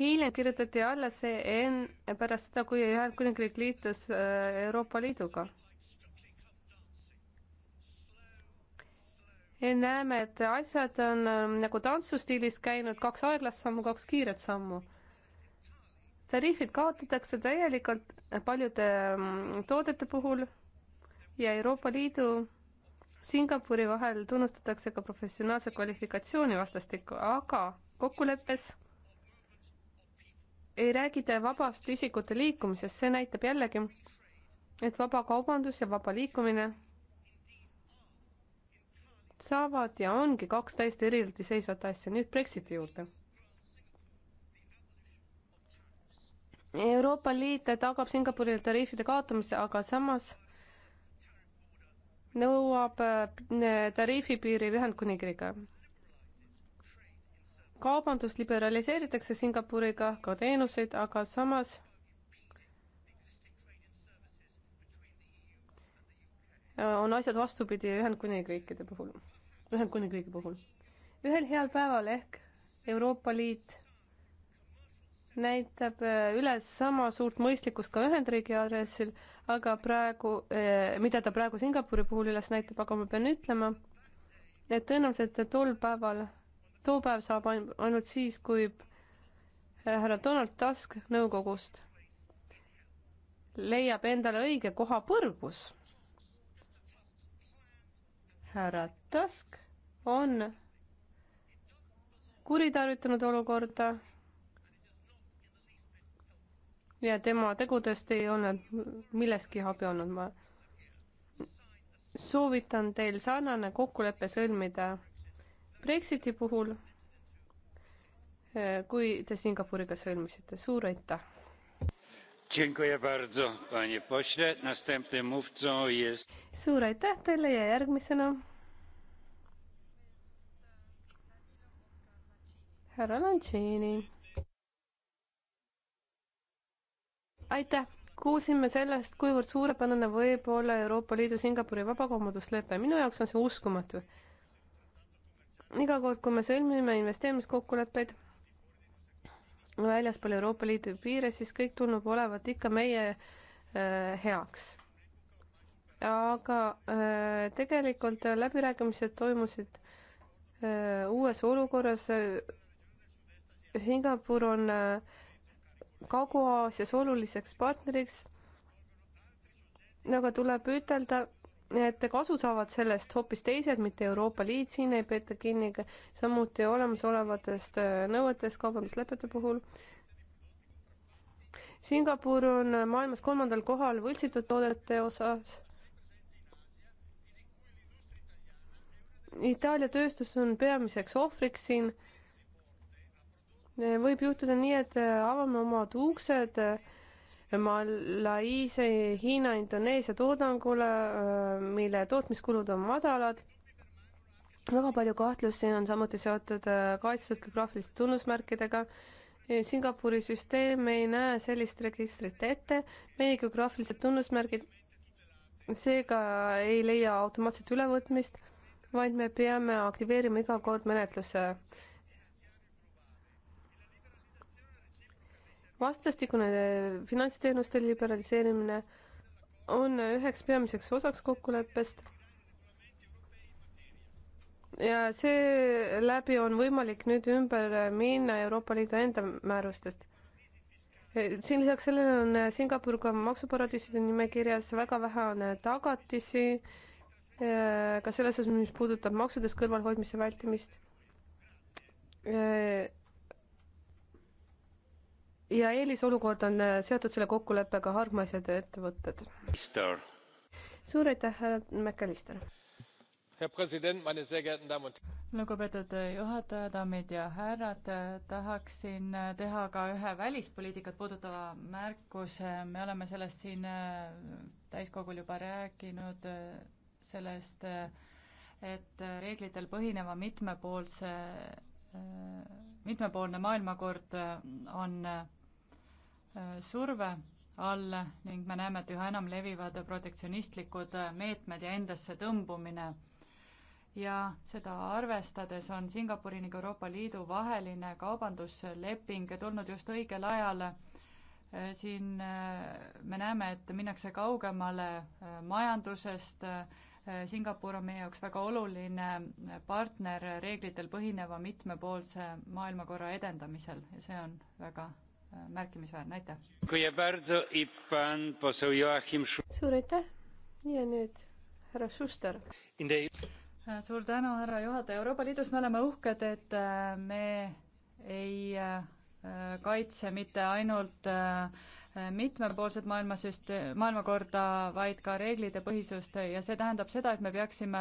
hiljem kirjutati alla see enne, pärast seda, kui Ühendkuningriik liitus äh, Euroopa Liiduga näeme, et asjad on ähm, nagu tantsustiilis käinud kaks aeglast sammu, kaks kiiret sammu. tariifid kaotatakse täielikult paljude ähm, toodete puhul ja Euroopa Liidu Singapuri vahel tunnustatakse ka professionaalse kvalifikatsiooni vastastikku, aga kokkuleppes ei räägita vabast isikute liikumisest, see näitab jällegi, et vaba kaubandus ja vaba liikumine saavad ja ongi kaks täiesti erilati seisvat asja. nüüd Brexiti juurde. Euroopa Liit tagab Singapurile tariifide kaotamise, aga samas nõuab äh, tariifipiiri Ühendkuningriigiga. kaubandust liberaliseeritakse Singapuriga, ka teenuseid, aga samas Äh, on asjad vastupidi Ühendkuningriikide puhul, Ühendkuningriigi puhul. ühel heal päeval ehk Euroopa Liit näitab äh, üles sama suurt mõistlikkust ka Ühendriigi aadressil, aga praegu, äh, mida ta praegu Singapuri puhul üles näitab, aga ma pean ütlema, et tõenäoliselt tol päeval, too päev saab ainult siis, kui härra Donald Tusk nõukogust leiab endale õige koha põrgus härra Tusk on kuritarvitanud olukorda ja tema tegudest ei olnud millestki abi olnud. ma soovitan teil sarnane kokkulepe sõlmida Brexiti puhul, eh, kui te Singapuriga sõlmisite. suur aitäh! suur aitäh teile ja järgmisena härra Lantšini. aitäh, kuulsime sellest, kuivõrd suurepärane võib olla Euroopa Liidu Singapuri vabakaubanduslepe, minu jaoks on see uskumatu. iga kord, kui me sõlmime investeerimiskokkuleppeid väljaspool Euroopa Liidu piire, siis kõik tundub olevat ikka meie äh, heaks. aga äh, tegelikult läbirääkimised toimusid äh, uues olukorras. Singapur on Kagu-Aasias oluliseks partneriks. aga nagu tuleb ütelda, et kasu saavad sellest hoopis teised, mitte Euroopa Liit, siin ei peeta kinni samuti olemasolevatest äh, nõuetest kaubanduslepete puhul. Singapur on maailmas kolmandal kohal võltsitud toodete osas. Itaalia tööstus on peamiseks ohvriks siin. võib juhtuda nii, et avame omad uksed äh, Malaise, Hiina, Indoneesia toodangule, äh, mille tootmiskulud on madalad. väga palju kahtlusi on samuti seotud äh, kaitstud geograafiliste tunnusmärkidega. Singapuri süsteem ei näe sellist registrit ette, meie geograafilised tunnusmärgid seega ei leia automaatset ülevõtmist, vaid me peame aktiveerima iga kord menetluse vastastikune eh, finantsteenuste liberaliseerimine on üheks peamiseks osaks kokkuleppest ja seeläbi on võimalik nüüd ümber minna Euroopa Liidu enda määrustest. Eh, siin lisaks sellele on eh, Singapur ka maksuparadiiside nimekirjas, väga vähe on tagatisi, ka selles osas, mis puudutab maksudest kõrvalhoidmise vältimist ja eelisolukord on äh, seotud selle kokkuleppega hargmaised ettevõtted. suur aitäh, härra McAllister! lugupeetud äh, juhataja, daamid ja härrad, äh, tahaksin teha ka ühe välispoliitikat puudutava märkuse, me oleme sellest siin täiskogul juba rääkinud, sellest, et reeglitel põhineva mitmepoolse mitmepoolne maailmakord on Äh, surve all ning me näeme, et üha enam levivad protektsionistlikud äh, meetmed ja endasse tõmbumine. ja seda arvestades on Singapuri ning Euroopa Liidu vaheline kaubandusleping tulnud just õigel ajal. Äh, siin me näeme, et minnakse kaugemale majandusest, Singapur on meie jaoks väga oluline partner reeglitel põhineva mitmepoolse maailmakorra edendamisel ja see on väga märkimisväärne, aitäh. suur aitäh ja nüüd härra Suster. suur tänu, härra juhataja, Euroopa Liidus me oleme uhked, et äh, me ei äh, kaitse mitte ainult äh, mitmepoolset maailmasüste-, maailmakorda, vaid ka reeglite põhisust ja see tähendab seda, et me peaksime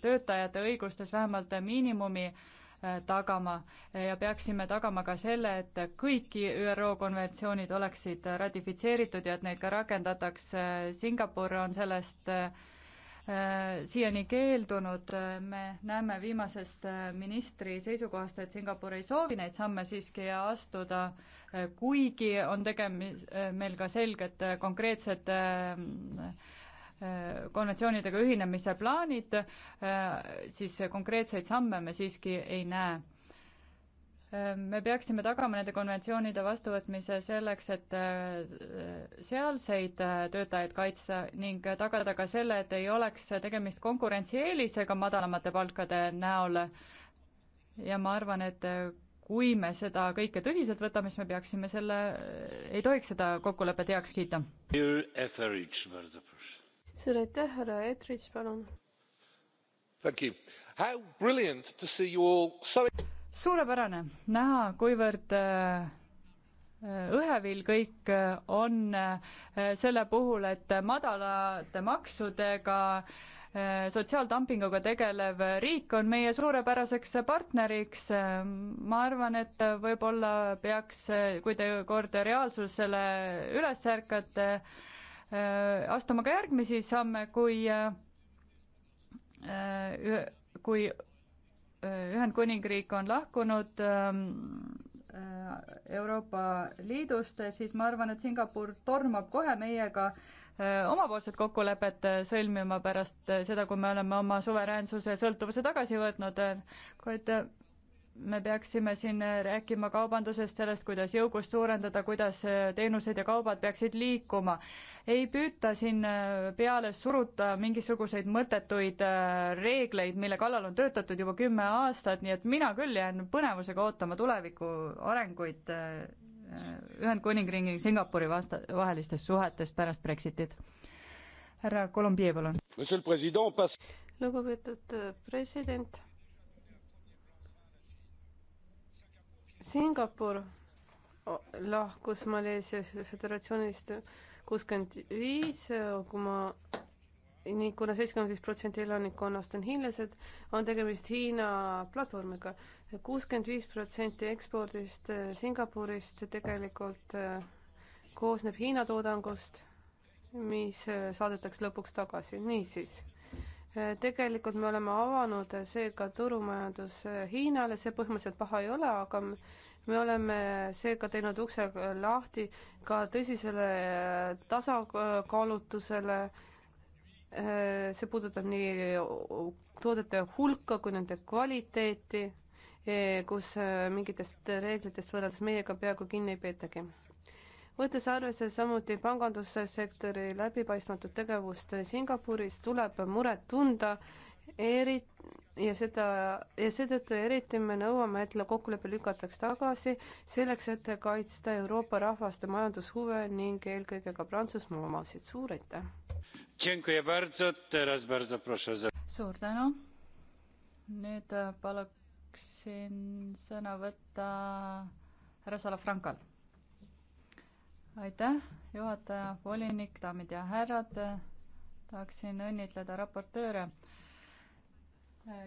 töötajate õigustes vähemalt miinimumi äh, Äh, tagama ja peaksime tagama ka selle, et kõiki ÜRO konventsioonid oleksid ratifitseeritud ja et neid ka rakendatakse. Singapur on sellest äh, siiani keeldunud, me näeme viimasest äh, ministri seisukohast, et Singapur ei soovi neid samme siiski astuda, kuigi on tegemist, meil ka selged konkreetsed äh, Äh, konventsioonidega ühinemise plaanid, äh, siis konkreetseid samme me siiski ei näe. Äh, me peaksime tagama nende konventsioonide vastuvõtmise selleks, et sealseid töötajaid kaitsta ning tagada ka selle, et ei oleks tegemist konkurentsieelisega madalamate palkade näol. ja ma arvan, et kui me seda kõike tõsiselt võtame, siis me peaksime selle, ei tohiks seda kokkulepet heaks kiita suur aitäh, härra Etrich, palun. suurepärane näha, kuivõrd äh, õhevil kõik äh, on äh, selle puhul, et madalate maksudega sotsiaaldumpinguga tegelev riik on meie suurepäraseks partneriks. ma arvan, et võib-olla peaks, kui te kord reaalsusele üles ärkate, Äh, astuma ka järgmisi samme, kui äh, kui äh, Ühendkuningriik on lahkunud ähm, Euroopa Liidust, siis ma arvan, et Singapur tormab kohe meiega omapoolset kokkulepet sõlmima pärast seda, kui me oleme oma suveräänsuse ja sõltuvuse tagasi võtnud, kuid me peaksime siin rääkima kaubandusest, sellest, kuidas jõukust suurendada, kuidas äh, teenused ja kaubad peaksid liikuma. ei püüta siin äh, peale suruta mingisuguseid mõttetuid äh, reegleid, mille kallal on töötatud juba kümme aastat, nii et mina küll jään põnevusega ootama tuleviku arenguid Ühendkuningriigi ja Singapuri vasta-, vahelistes suhetes pärast Brexitit. härra Colombier, palun. lugupeetud president Singapur lahkus Maleesia Föderatsioonist kuuskümmend viis, kui ma nii kuna seitsekümmend viis protsenti elanikkonnast on hiinlased, on tegemist Hiina platvormiga. kuuskümmend viis protsenti ekspordist Singapurist tegelikult koosneb Hiina toodangust, mis saadetakse lõpuks tagasi, niisiis tegelikult me oleme avanud seega turumajandus Hiinale, see põhimõtteliselt paha ei ole, aga me oleme seega teinud ukse lahti ka tõsisele äh, tasakaalutusele. Äh, see puudutab nii toodete hulka kui nende kvaliteeti, eh, kus äh, mingitest reeglitest võrreldes meiega peaaegu kinni ei peetagi võttes arvesse samuti pangandussektori läbipaistmatut tegevust Singapuris, tuleb muret tunda, eri- ja seda, ja seetõttu eriti me nõuame, et kokkulepe lükataks tagasi, selleks et kaitsta Euroopa rahvaste majandushuve ning eelkõige ka Prantsusmaa omasid. suur aitäh! suur tänu! nüüd äh, paluksin sõna võtta härra Salafrankal aitäh, juhataja, volinik, daamid ja härrad. tahaksin õnnitleda raportööre.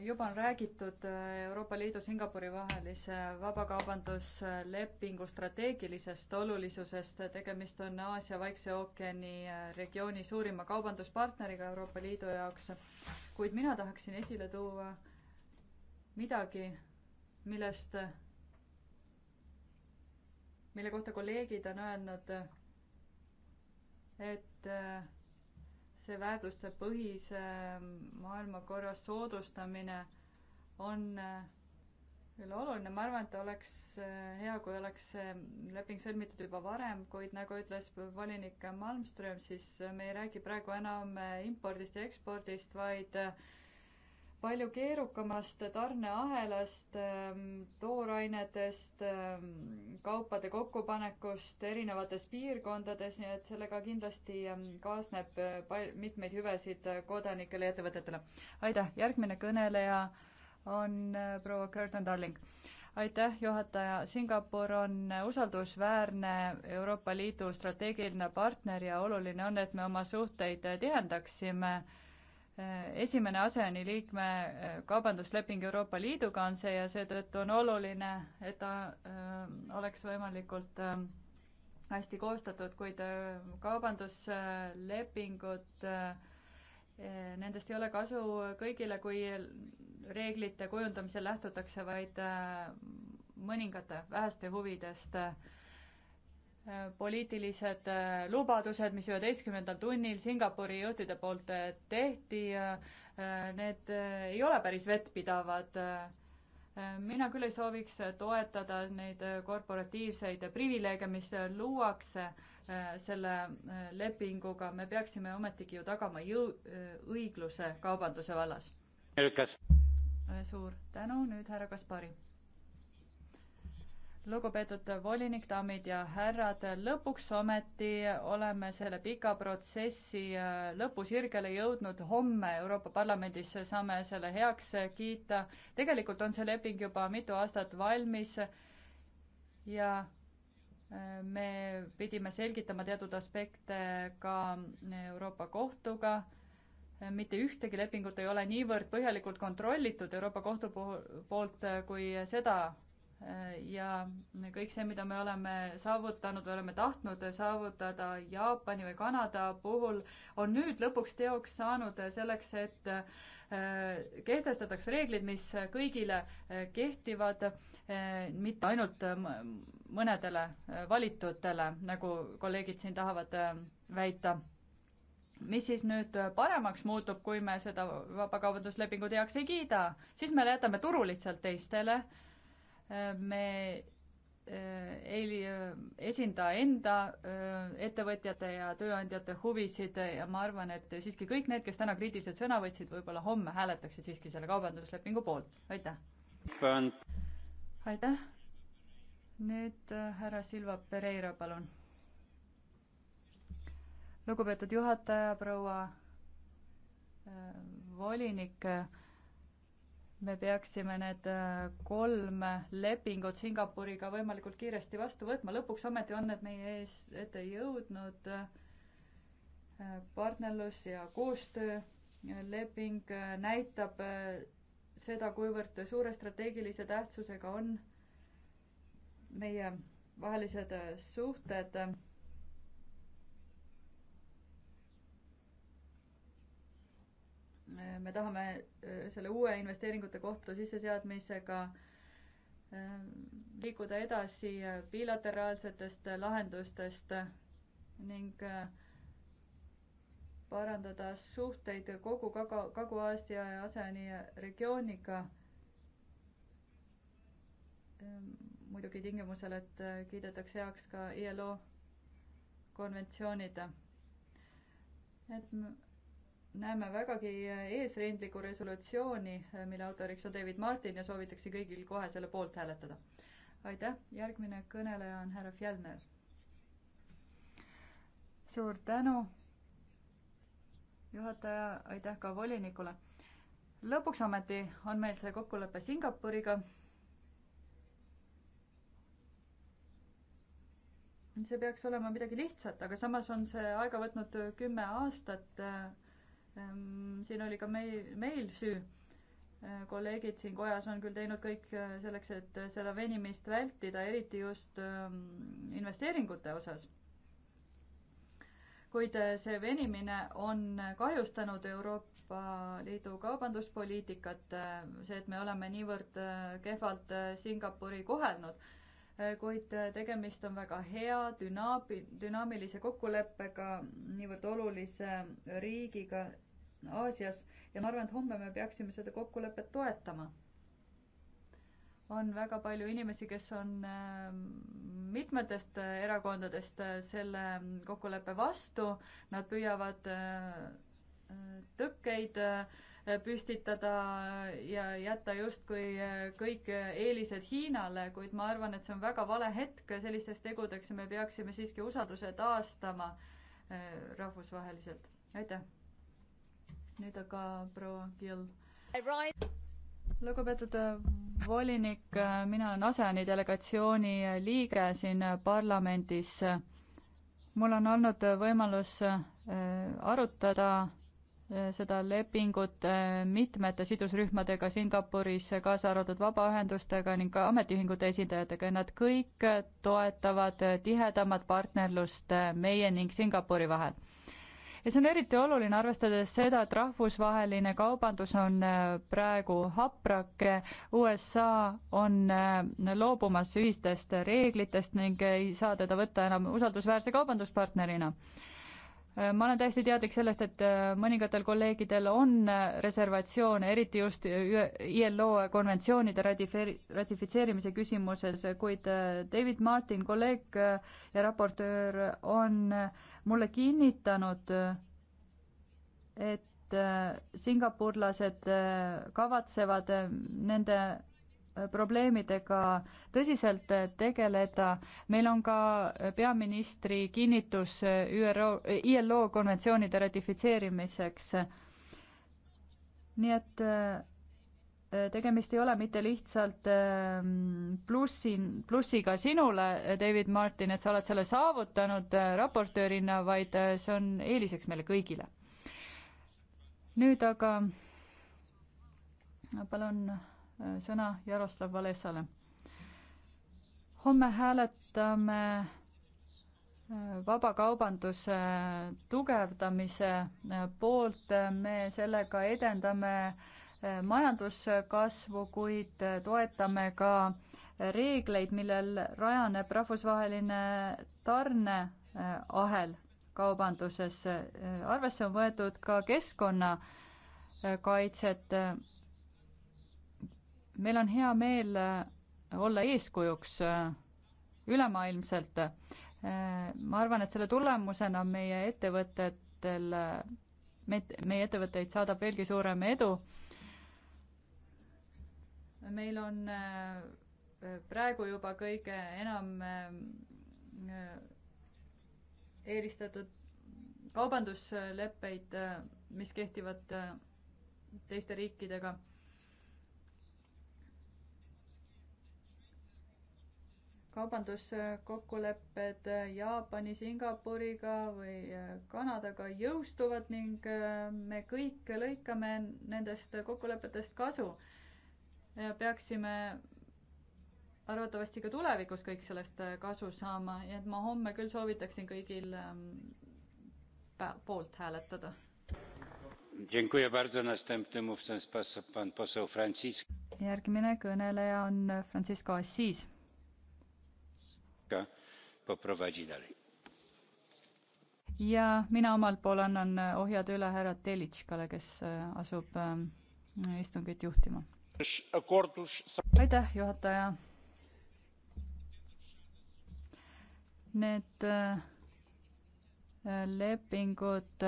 juba on räägitud Euroopa Liidu Singapuri vahelise vabakaubanduslepingu strateegilisest olulisusest. tegemist on Aasia Vaikse ookeani regiooni suurima kaubanduspartneriga Euroopa Liidu jaoks. kuid mina tahaksin esile tuua midagi, millest mille kohta kolleegid on öelnud, et äh, see väärtustepõhise äh, maailmakorra soodustamine on äh, küll oluline, ma arvan, et oleks hea, kui oleks see leping sõlmitud juba varem, kuid nagu ütles volinik Malmström, siis me ei räägi praegu enam impordist ja ekspordist, vaid äh, palju keerukamast tarneahelast, ehm, toorainetest, ehm, kaupade kokkupanekust erinevates piirkondades, nii et sellega kindlasti ehm, kaasneb eh, pal-, mitmeid hüvesid kodanikele ja ettevõtetele. aitäh, järgmine kõneleja on eh, proua Curtin Darling. aitäh, juhataja, Singapur on usaldusväärne Euroopa Liidu strateegiline partner ja oluline on, et me oma suhteid tihendaksime Eh, esimene ASEAN-i liikme eh, kaubandusleping Euroopa Liiduga on see ja seetõttu on oluline, et ta eh, oleks võimalikult hästi koostatud, kuid kaubanduslepingud, nendest ei ole kasu kõigile, kui reeglite kujundamisel lähtutakse vaid mõningate väheste huvidest poliitilised äh, lubadused, mis üheteistkümnendal tunnil Singapuri juhtide poolt äh, tehti, äh, need ei ole päris vettpidavad. mina küll ei sooviks toetada neid korporatiivseid privileege, mis luuakse selle lepinguga, me peaksime ometigi ju tagama jõu, õigluse kaubanduse vallas. suur tänu, nüüd härra Kaspari lugupeetud volinik, daamid ja härrad, lõpuks ometi oleme selle pika protsessi äh, lõpusirgele jõudnud. homme Euroopa Parlamendis saame selle heaks kiita. tegelikult on see leping juba mitu aastat valmis ja äh, me pidime selgitama teatud aspekte ka Euroopa Kohtuga mitte ühtegi lepingut ei ole niivõrd põhjalikult kontrollitud Euroopa Kohtu poolt, äh, kui seda ja kõik see, mida me oleme saavutanud või oleme tahtnud saavutada Jaapani või Kanada puhul, on nüüd lõpuks teoks saanud selleks, et äh, kehtestataks reeglid, mis kõigile äh, kehtivad, äh, mitte ainult mõnedele valitutele, nagu kolleegid siin tahavad väita. mis siis nüüd paremaks muutub, kui me seda vabakaubanduslepingut heaks ei kiida, siis me jätame turu lihtsalt teistele me äh, ei äh, esinda enda äh, ettevõtjate ja tööandjate huvisid ja ma arvan, et siiski kõik need, kes täna kriitiliselt sõna võtsid, võib-olla homme hääletaksid siiski selle kaubanduslepingu poolt, aitäh. aitäh. nüüd härra Silva Pereira, palun. lugupeetud juhataja, proua volinik me peaksime need äh, kolm lepingut Singapuriga võimalikult kiiresti vastu võtma, lõpuks ometi on need meie ees ette jõudnud, äh, partnerlus ja koostööleping äh, näitab seda, kuivõrd suure strateegilise tähtsusega on meie vahelised suhted me tahame äh, selle uue investeeringute kohtu sisseseadmisega ähm, liikuda edasi bilateraalsetest lahendustest ning äh, parandada suhteid kogu Kagu, Kagu-Aasia ja ASEAN-i regiooniga. Ähm, muidugi tingimusel, et äh, kiidetakse heaks ka ILO konventsioonid. et näeme vägagi eesrindlikku resolutsiooni, mille autoriks on David Martin ja soovitakse kõigil kohe selle poolt hääletada. aitäh, järgmine kõneleja on härra Fjellner. suur tänu, juhataja, aitäh ka volinikule. lõpuks ometi on meil see kokkulepe Singapuriga. see peaks olema midagi lihtsat, aga samas on see aega võtnud kümme aastat Ehm, siin oli ka meil, meil süü. Ehm, kolleegid siin kojas on küll teinud kõik äh, selleks, et seda venimist vältida, eriti just ehm, investeeringute osas. kuid äh, see venimine on kahjustanud Euroopa Liidu kaubanduspoliitikat, äh, see, et me oleme niivõrd kehvalt Singapuri kohelnud Äh, kuid äh, tegemist on väga hea dünaabi-, dünaamilise kokkuleppega niivõrd olulise riigiga Aasias ja ma arvan, et homme me peaksime seda kokkulepet toetama. on väga palju inimesi, kes on äh, mitmetest erakondadest selle kokkuleppe vastu, nad püüavad tõkkeid äh, püstitada ja jätta justkui äh, kõik äh, eelised Hiinale, kuid ma arvan, et see on väga vale hetk sellisteks tegudeks ja me peaksime siiski usalduse taastama äh, rahvusvaheliselt. aitäh! nüüd aga proua Gill. lugupeetud volinik, mina olen ASEAN-i delegatsiooni liige siin parlamendis. mul on olnud võimalus arutada Äh, seda lepingut äh, mitmete sidusrühmadega Singapuris, kaasa arvatud vabaühendustega ning ka ametiühingute esindajatega ja nad kõik toetavad äh, tihedamat partnerlust meie ning Singapuri vahel. ja see on eriti oluline, arvestades seda, et rahvusvaheline kaubandus on praegu haprake, USA on loobumas ühistest reeglitest ning ei saa teda võtta enam usaldusväärse kaubanduspartnerina ma olen täiesti teadlik sellest, et äh, mõningatel kolleegidel on äh, reservatsioone, eriti just ILO konventsioonide ratifeeri-, ratifitseerimise küsimuses, kuid äh, David Martin, kolleeg ja raportöör, on mulle kinnitanud, et singapurlased kavatsevad nende probleemidega tõsiselt tegeleda. meil on ka peaministri kinnitus ÜRO, ILO konventsioonide ratifitseerimiseks. nii et äh, tegemist ei ole mitte lihtsalt äh, plussi, plussiga sinule, David Martin, et sa oled selle saavutanud äh, raportöörina, vaid see on eeliseks meile kõigile. nüüd aga palun Äh, sõna Jaroslav Valesale. homme hääletame äh, vabakaubanduse tugevdamise äh, poolt, me sellega edendame majanduskasvu, kuid toetame ka reegleid, millel rajaneb rahvusvaheline tarneahel kaubanduses. arvesse on võetud ka keskkonnakaitset meil on hea meel äh, olla eeskujuks äh, ülemaailmselt. Äh, ma arvan, et selle tulemusena meie ettevõtetel, meie ettevõtteid saadab veelgi suurem edu. meil on praegu juba kõige enam eelistatud kaubandusleppeid, mis kehtivad teiste riikidega kaubanduskokkulepped Jaapani, Singapuriga või äh, Kanadaga jõustuvad ning äh, me kõik lõikame nendest kokkulepetest kasu. peaksime arvatavasti ka tulevikus kõik sellest äh, kasu saama, nii et ma homme küll soovitaksin kõigil ähm, poolt hääletada. järgmine kõneleja on Francisco Assis praktyka poprowadzi dalej. ja mina omalt pool annan e, ohjad üle härra Telitškale, kes e, asub e, istungit juhtima. aitäh, juhataja. Need lepingud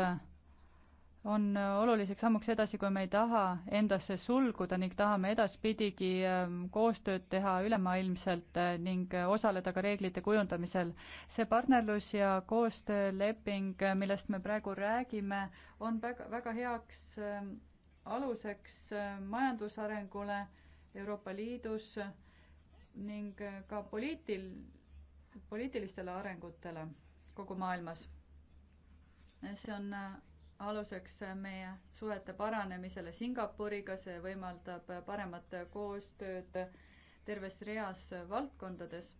on äh, oluliseks sammuks edasi, kui me ei taha endasse sulguda ning tahame edaspidigi ähm, koostööd teha ülemaailmselt äh, ning äh, osaleda ka reeglite kujundamisel. see partnerlus ja koostööleping, millest me praegu räägime, on väga, väga heaks ähm, aluseks majandusarengule Euroopa Liidus ning ka poliitil, poliitilistele arengutele kogu maailmas. see on aluseks meie suhete paranemisele Singapuriga, see võimaldab paremat koostööd terves reas valdkondades.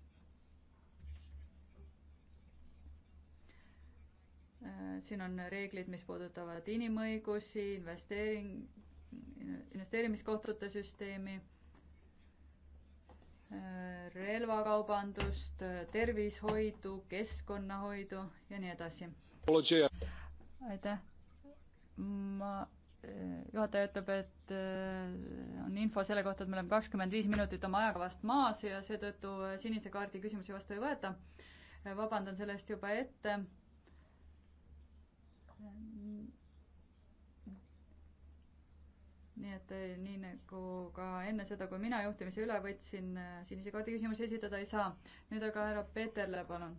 siin on reeglid, mis puudutavad inimõigusi, investeering, investeerimiskohtute süsteemi, relvakaubandust, tervishoidu, keskkonnahoidu ja nii edasi. aitäh ma, eh, juhataja ütleb, et eh, on info selle kohta, et me oleme kakskümmend viis minutit oma ajakavast maas ja seetõttu eh, sinise kaardi küsimusi vastu ei võeta. vabandan selle eest juba ette. nii et nii nagu ka enne seda, kui mina juhtimise üle võtsin, sinise kaardi küsimusi esitada ei saa. nüüd aga härra Peterle, palun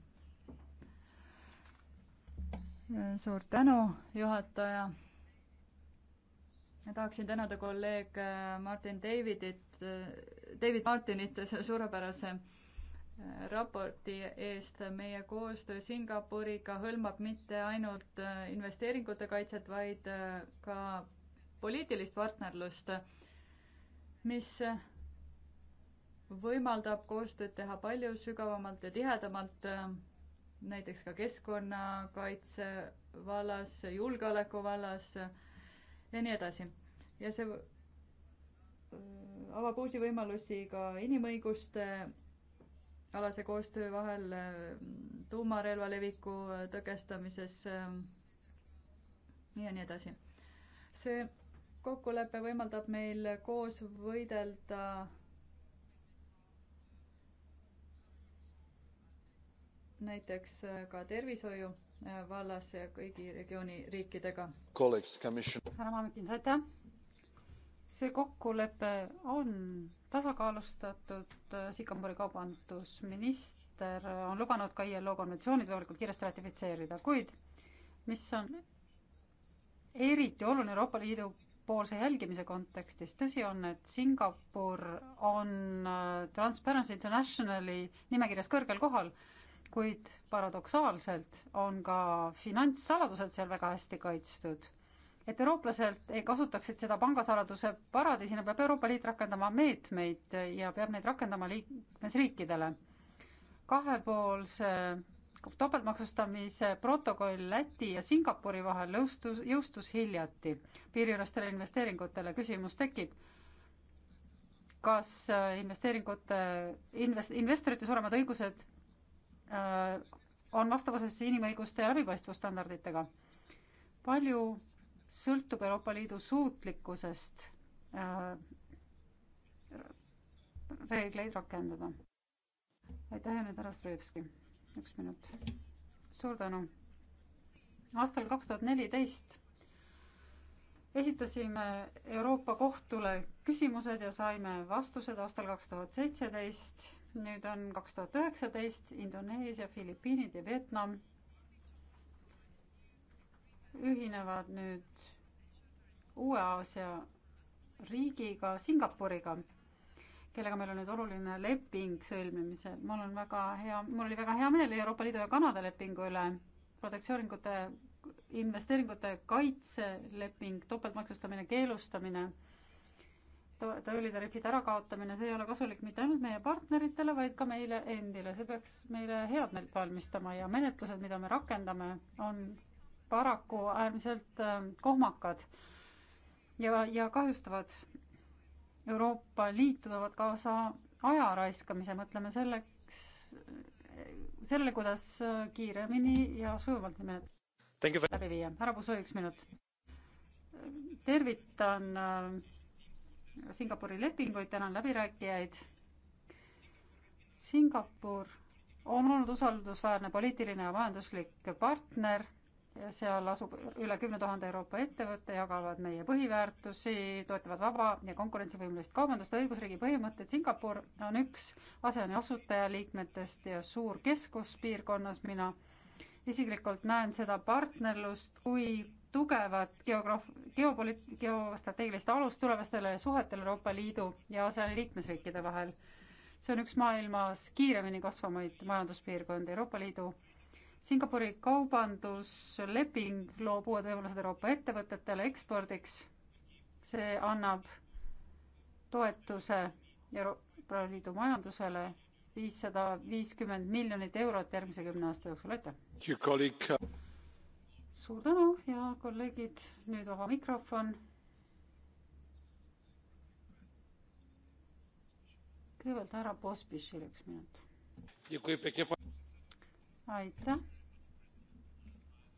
suur tänu, juhataja. tahaksin tänada kolleeg äh, Martin Davidit, äh, David Martinit selle suurepärase äh, raporti eest. meie koostöö Singapuriga hõlmab mitte ainult investeeringute kaitset, vaid ka poliitilist partnerlust, mis võimaldab koostööd teha palju sügavamalt ja tihedamalt näiteks ka keskkonnakaitse vallas, julgeoleku vallas ja nii edasi. ja see äh, avab uusi võimalusi ka inimõiguste alase koostöö vahel, äh, tuumarelva leviku äh, tõkestamises ja nii edasi. see kokkulepe võimaldab meil koos võidelda näiteks äh, ka tervishoiu äh, vallas ja kõigi regiooni riikidega. härra Maamikin, aitäh! see kokkulepe on tasakaalustatud, äh, Singapuri kaubandusminister on lubanud ka ILO konventsioonid võimalikult kiiresti ratifitseerida, kuid mis on eriti oluline Euroopa Liidu poolse jälgimise kontekstis, tõsi on, et Singapur on Transparency Internationali nimekirjas kõrgel kohal kuid paradoksaalselt on ka finantssaladused seal väga hästi kaitstud. et eurooplased ei kasutaksid seda pangasaladuse paradiisina, peab Euroopa Liit rakendama meetmeid ja peab neid rakendama liikmesriikidele. kahepoolse topeltmaksustamise protokoll Läti ja Singapuri vahel jõustus, jõustus hiljuti. piiriülestele investeeringutele küsimus tekib kas investeeringute invest-, investorite suuremad õigused Äh, on vastavuses inimõiguste ja läbipaistvusstandarditega. palju sõltub Euroopa Liidu suutlikkusest äh, reegleid rakendada. aitäh ja nüüd härra Strojevski, üks minut. suur tänu. aastal kaks tuhat neliteist esitasime Euroopa Kohtule küsimused ja saime vastused aastal kaks tuhat seitseteist nüüd on kaks tuhat üheksateist, Indoneesia, Filipiinid ja Vietnam ühinevad nüüd uue Aasia riigiga, Singapuriga, kellega meil on nüüd oluline leping sõlmimisel. mul on väga hea, mul oli väga hea meel Euroopa Liidu ja Kanada lepingu üle, protektsiooningute, investeeringute kaitseleping, topeltmaksustamine, keelustamine tööõlitariifide ärakaotamine, see ei ole kasulik mitte ainult meie partneritele, vaid ka meile endile, see peaks meile head meelt valmistama ja menetlused, mida me rakendame, on paraku äärmiselt äh, kohmakad ja, ja kahjustavad Euroopa Liitu, toovad kaasa aja raiskamise, mõtleme selleks, sellele, kuidas äh, kiiremini ja sujuvalt menetlust läbi viia. härra Pusu, üks minut. tervitan äh, Singapuri lepinguid, tänan läbirääkijaid. Singapur on olnud usaldusväärne poliitiline ja majanduslik partner, seal asub üle kümne tuhande Euroopa ettevõtte, jagavad meie põhiväärtusi, toetavad vaba ja konkurentsivõimelist kaubandust, õigusriigi põhimõtteid. Singapur on üks ASEAN-i asutajaliikmetest ja suur keskus piirkonnas, mina isiklikult näen seda partnerlust kui tugevat geograaf-, geopolit-, geostrateegilist alust tulevastele suhetele Euroopa Liidu ja ASEAN-i liikmesriikide vahel. see on üks maailmas kiiremini kasvavaid majanduspiirkondi Euroopa Liidu. Singapuri kaubandusleping loob uued võimalused Euroopa ettevõtetele ekspordiks. see annab toetuse Euroopa Liidu majandusele viissada viiskümmend miljonit eurot järgmise kümne aasta jooksul, aitäh! suur tänu ja kolleegid, nüüd vaba mikrofon. kõigepealt härra Pospišil üks minut. aitäh,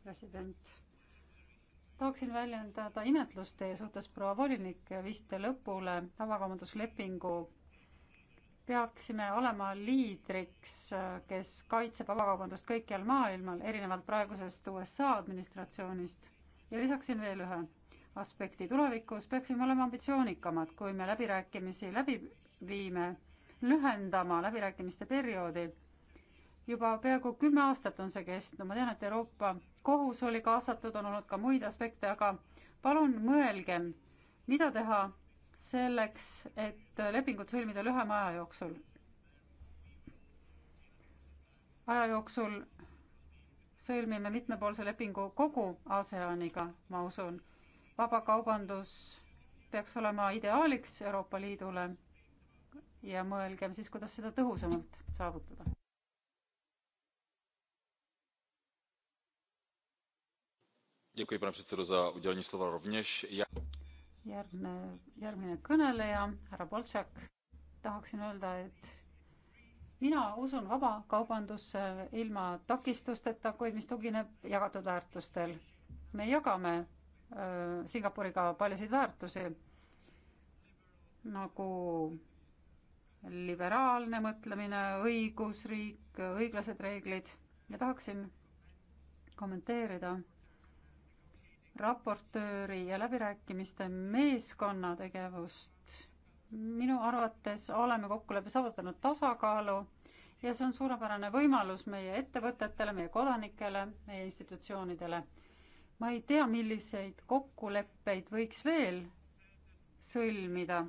president. tahaksin väljendada imetlust teie suhtes, proua volinik, viisite lõpule tavakaubanduslepingu peaksime olema liidriks, kes kaitseb vabakaubandust kõikjal maailmal, erinevalt praegusest USA administratsioonist. ja lisaksin veel ühe aspekti. tulevikus peaksime olema ambitsioonikamad, kui me läbirääkimisi läbi viime, lühendama läbirääkimiste perioodi. juba peaaegu kümme aastat on see kestnud, ma tean, et Euroopa Kohus oli kaasatud, on olnud ka muid aspekte, aga palun mõelgem, mida teha selleks, et lepingut sõlmida lühema aja jooksul. aja jooksul sõlmime mitmepoolse lepingu kogu ASEANiga, ma usun. vabakaubandus peaks olema ideaaliks Euroopa Liidule ja mõelgem siis, kuidas seda tõhusamalt saavutada. pane předsedo za udělení slova rovněž já järgne, järgmine kõneleja, härra Boltšak, tahaksin öelda, et mina usun vabakaubandusse ilma takistusteta, kuid mis tugineb jagatud väärtustel. me jagame äh, Singapuriga paljusid väärtusi, nagu liberaalne mõtlemine, õigusriik, õiglased reeglid ja tahaksin kommenteerida raportööri ja läbirääkimiste meeskonna tegevust. minu arvates oleme kokkuleppe saavutanud tasakaalu ja see on suurepärane võimalus meie ettevõtetele, meie kodanikele, meie institutsioonidele. ma ei tea, milliseid kokkuleppeid võiks veel sõlmida,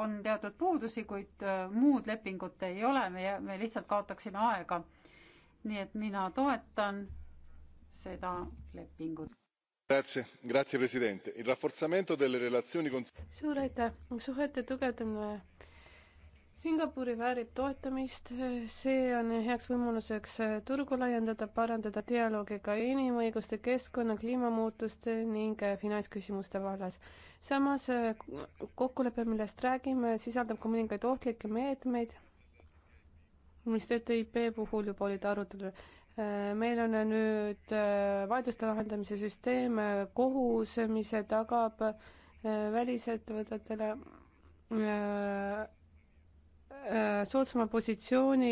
on teatud puudusi, kuid äh, muud lepingut ei ole, me, me lihtsalt kaotaksime aega. nii et mina toetan seda lepingut signor presidente onorevoli colleghi suur aitäh! suhete tugevdamine singapuri väärib toetamist. see on heaks võimaluseks turgu laiendada parandada dialoogi ka inimõiguste keskkonna kliimamuutuste ning finantsküsimuste vallas. samas kokkulepe millest räägime sisaldab ka mõningaid ohtlikke meetmeid mis ttip puhul juba olid arutelul meil on nüüd äh, vaidluste lahendamise süsteem, äh, kohus, mis tagab äh, välisettevõtetele soodsama positsiooni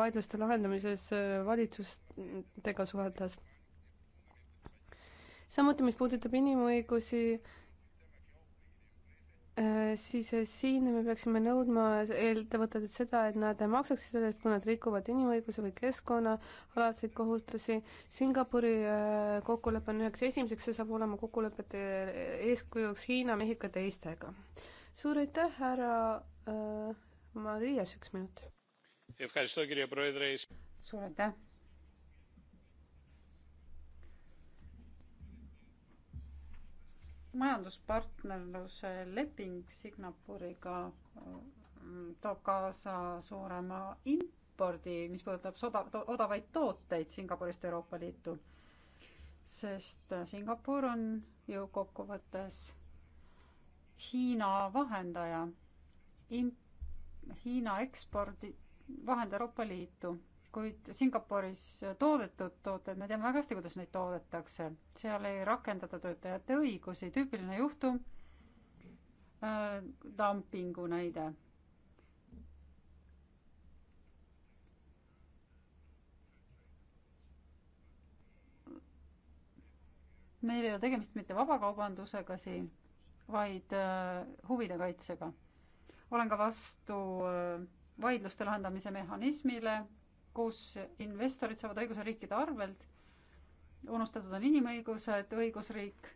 vaidluste lahendamises valitsustega suheldes. samuti, mis puudutab inimõigusi, Äh, siis äh, siin me peaksime nõudma ettevõtetelt seda, et nad maksaksid selle eest, kui nad rikuvad inimõiguse või keskkonnaalaseid kohustusi. Singapuri äh, kokkulepe on üheks esimeseks, see saab olema kokkulepete eeskujuks Hiina, Mehhiko teistega. suur aitäh, härra äh, Marias, üks minut. suur aitäh majanduspartnerluse leping Singapuriga mm, toob kaasa suurema impordi, mis puudutab soda, odavaid tooteid Singapurist Euroopa Liitu. sest äh, Singapur on ju kokkuvõttes Hiina vahendaja, Hiina ekspordi vahend Euroopa Liitu kuid Singapuris toodetud tooted, me teame väga hästi, kuidas neid toodetakse, seal ei rakendata töötajate õigusi, tüüpiline juhtum äh,, dumpingu näide. meil ei ole tegemist mitte vabakaubandusega siin, vaid äh, huvide kaitsega. olen ka vastu äh, vaidluste lahendamise mehhanismile kus investorid saavad õiguse riikide arvelt, unustatud on inimõigused, õigusriik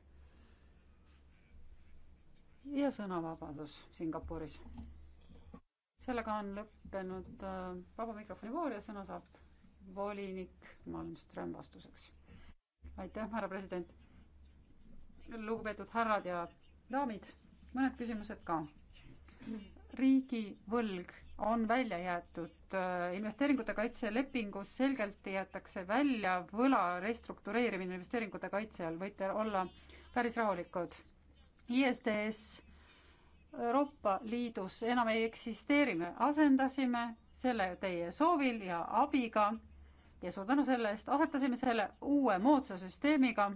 ja sõnavabadus Singapuris. sellega on lõppenud äh, vaba mikrofoni voor ja sõna saab volinik Malmström vastuseks. aitäh, härra president. lugupeetud härrad ja daamid, mõned küsimused ka. riigivõlg on välja jäetud seotud äh, investeeringute kaitse lepingus selgelt jäetakse välja võla restruktureerimine investeeringute kaitse all, võite olla päris rahulikud. ISDS Euroopa Liidus enam ei eksisteeri, me asendasime selle teie soovil ja abiga ja suur tänu selle eest, asetasime selle uue moodsa süsteemiga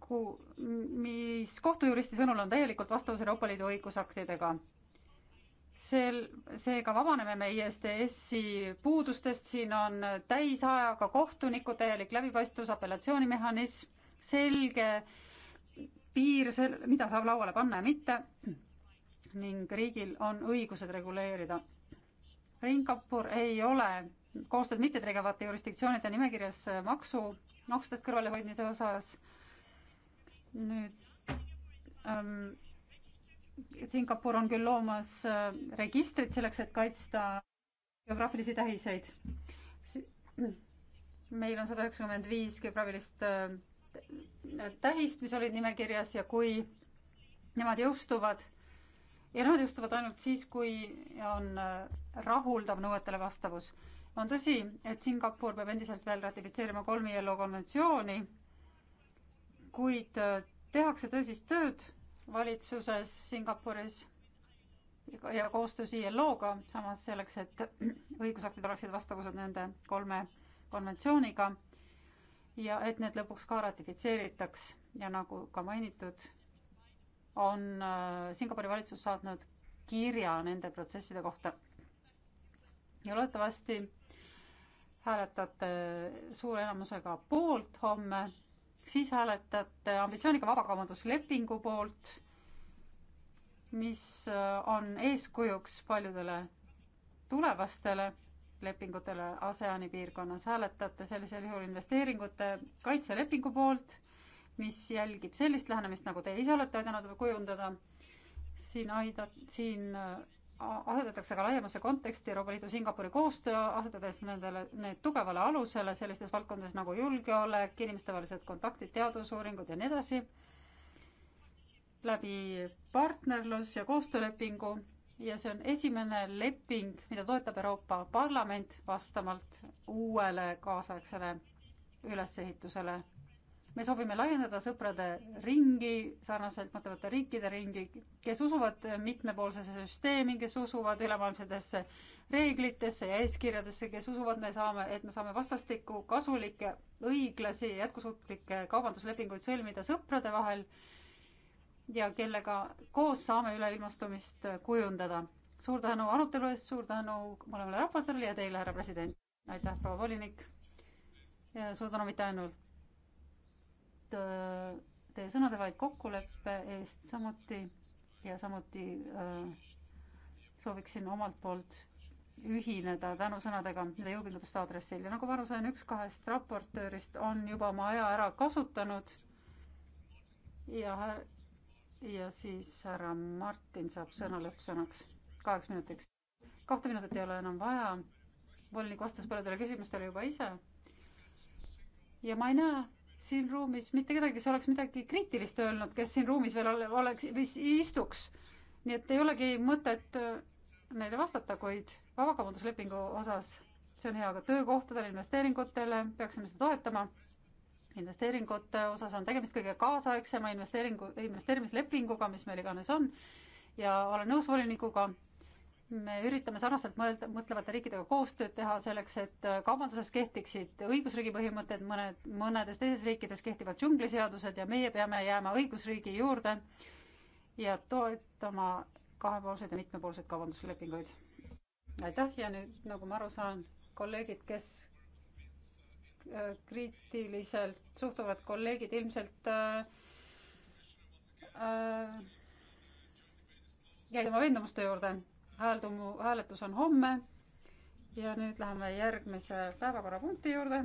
ku-, mis kohtujuristi sõnul on täielikult vastavus Euroopa Liidu õigusaktidega sel, seega vabaneme me ISDS-i puudustest, siin on täisajaga kohtunikud, täielik läbipaistvus, apellatsioonimehhanism, selge piir, mida saab lauale panna ja mitte ning riigil on õigused reguleerida. Ringkapur ei ole koostööd mittetegevate jurisdiktsioonide nimekirjas maksu, maksudest kõrvalehoidmise osas. nüüd ähm, Singapur on küll loomas äh, registrit selleks, et kaitsta geograafilisi tähiseid. meil on sada üheksakümmend viis geograafilist äh, tähist, mis olid nimekirjas ja kui nemad jõustuvad ja nemad jõustuvad ainult siis, kui on äh, rahuldav nõuetele vastavus. on tõsi, et Singapur peab endiselt veel ratifitseerima kolm ILO konventsiooni, kuid tehakse tõsist tööd valitsuses Singapuris ja koostöös ILO-ga, samas selleks, et õigusaktid oleksid vastavused nende kolme konventsiooniga ja et need lõpuks ka ratifitseeritaks ja nagu ka mainitud, on äh, Singapuri valitsus saatnud kirja nende protsesside kohta. ja loodetavasti hääletate suure enamusega poolt homme siis hääletate ambitsiooniga vabakaubanduslepingu poolt, mis äh, on eeskujuks paljudele tulevastele lepingutele ASEAN-i piirkonnas, hääletate sellisel juhul investeeringute kaitselepingu poolt, mis jälgib sellist lähenemist, nagu teie ise olete aidanud kujundada, siin aida-, siin äh, asetatakse ka laiemasse konteksti Euroopa Liidu Singapuri koostöö, asetades nendele, need tugevale alusele sellistes valdkondades nagu julgeolek, inimestevahelised kontaktid, teadusuuringud ja nii edasi, läbi partnerlus- ja koostöölepingu ja see on esimene leping, mida toetab Euroopa Parlament vastavalt uuele kaasaegsele ülesehitusele me soovime laiendada sõprade ringi, sarnaselt mõtlevate riikide ringi, kes usuvad mitmepoolsesse süsteemi, kes usuvad ülemaailmsetesse reeglitesse ja eeskirjadesse, kes usuvad, me saame, et me saame vastastikku kasulikke, õiglasi, jätkusuutlikke kaubanduslepinguid sõlmida sõprade vahel ja kellega koos saame üleilmastumist kujundada. suur tänu arutelu eest, suur tänu mõlemale raportöörile ja teile, härra president. aitäh, proua volinik. suur tänu mitte ainult Äh, teie sõnade, vaid kokkuleppe eest samuti ja samuti äh, sooviksin omalt poolt ühineda tänusõnadega nende jõupingutuste aadressil ja nagu ma aru sain, üks kahest raportöörist on juba oma aja ära kasutanud. ja, ja siis härra Martin saab sõna lõppsõnaks kaheks minutiks. kahte minutit ei ole enam vaja. volinik vastas paljudele küsimustele juba ise. ja ma ei näe siin ruumis mitte kedagi, kes oleks midagi kriitilist öelnud, kes siin ruumis veel ole, oleks või istuks. nii et ei olegi mõtet äh, neile vastata, kuid vabakaubanduslepingu osas, see on hea ka töökohtadele, investeeringutele, peaksime seda toetama. investeeringute osas on tegemist kõige kaasaegsema investeeringu, investeerimislepinguga, mis meil iganes on ja olen nõus volinikuga, me üritame sarnaselt mõelda, mõtlevate riikidega koostööd teha selleks, et äh, kaubanduses kehtiksid õigusriigi põhimõtted, mõned, mõnedes teises riikides kehtivad džungliseadused ja meie peame jääma õigusriigi juurde ja toetama kahepoolseid ja mitmepoolseid kaubanduslepinguid. aitäh ja nüüd, nagu ma aru saan, kolleegid, kes äh, kriitiliselt suhtuvad, kolleegid ilmselt äh, äh, jäid oma veendumuste juurde hääldumu, hääletus on homme. ja nüüd läheme järgmise päevakorrapunkti juurde.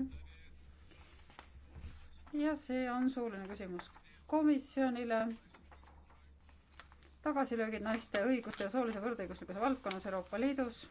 ja see on suuline küsimus komisjonile. tagasilöögid naiste õiguste ja soolise võrdõiguslikkuse valdkonnas Euroopa Liidus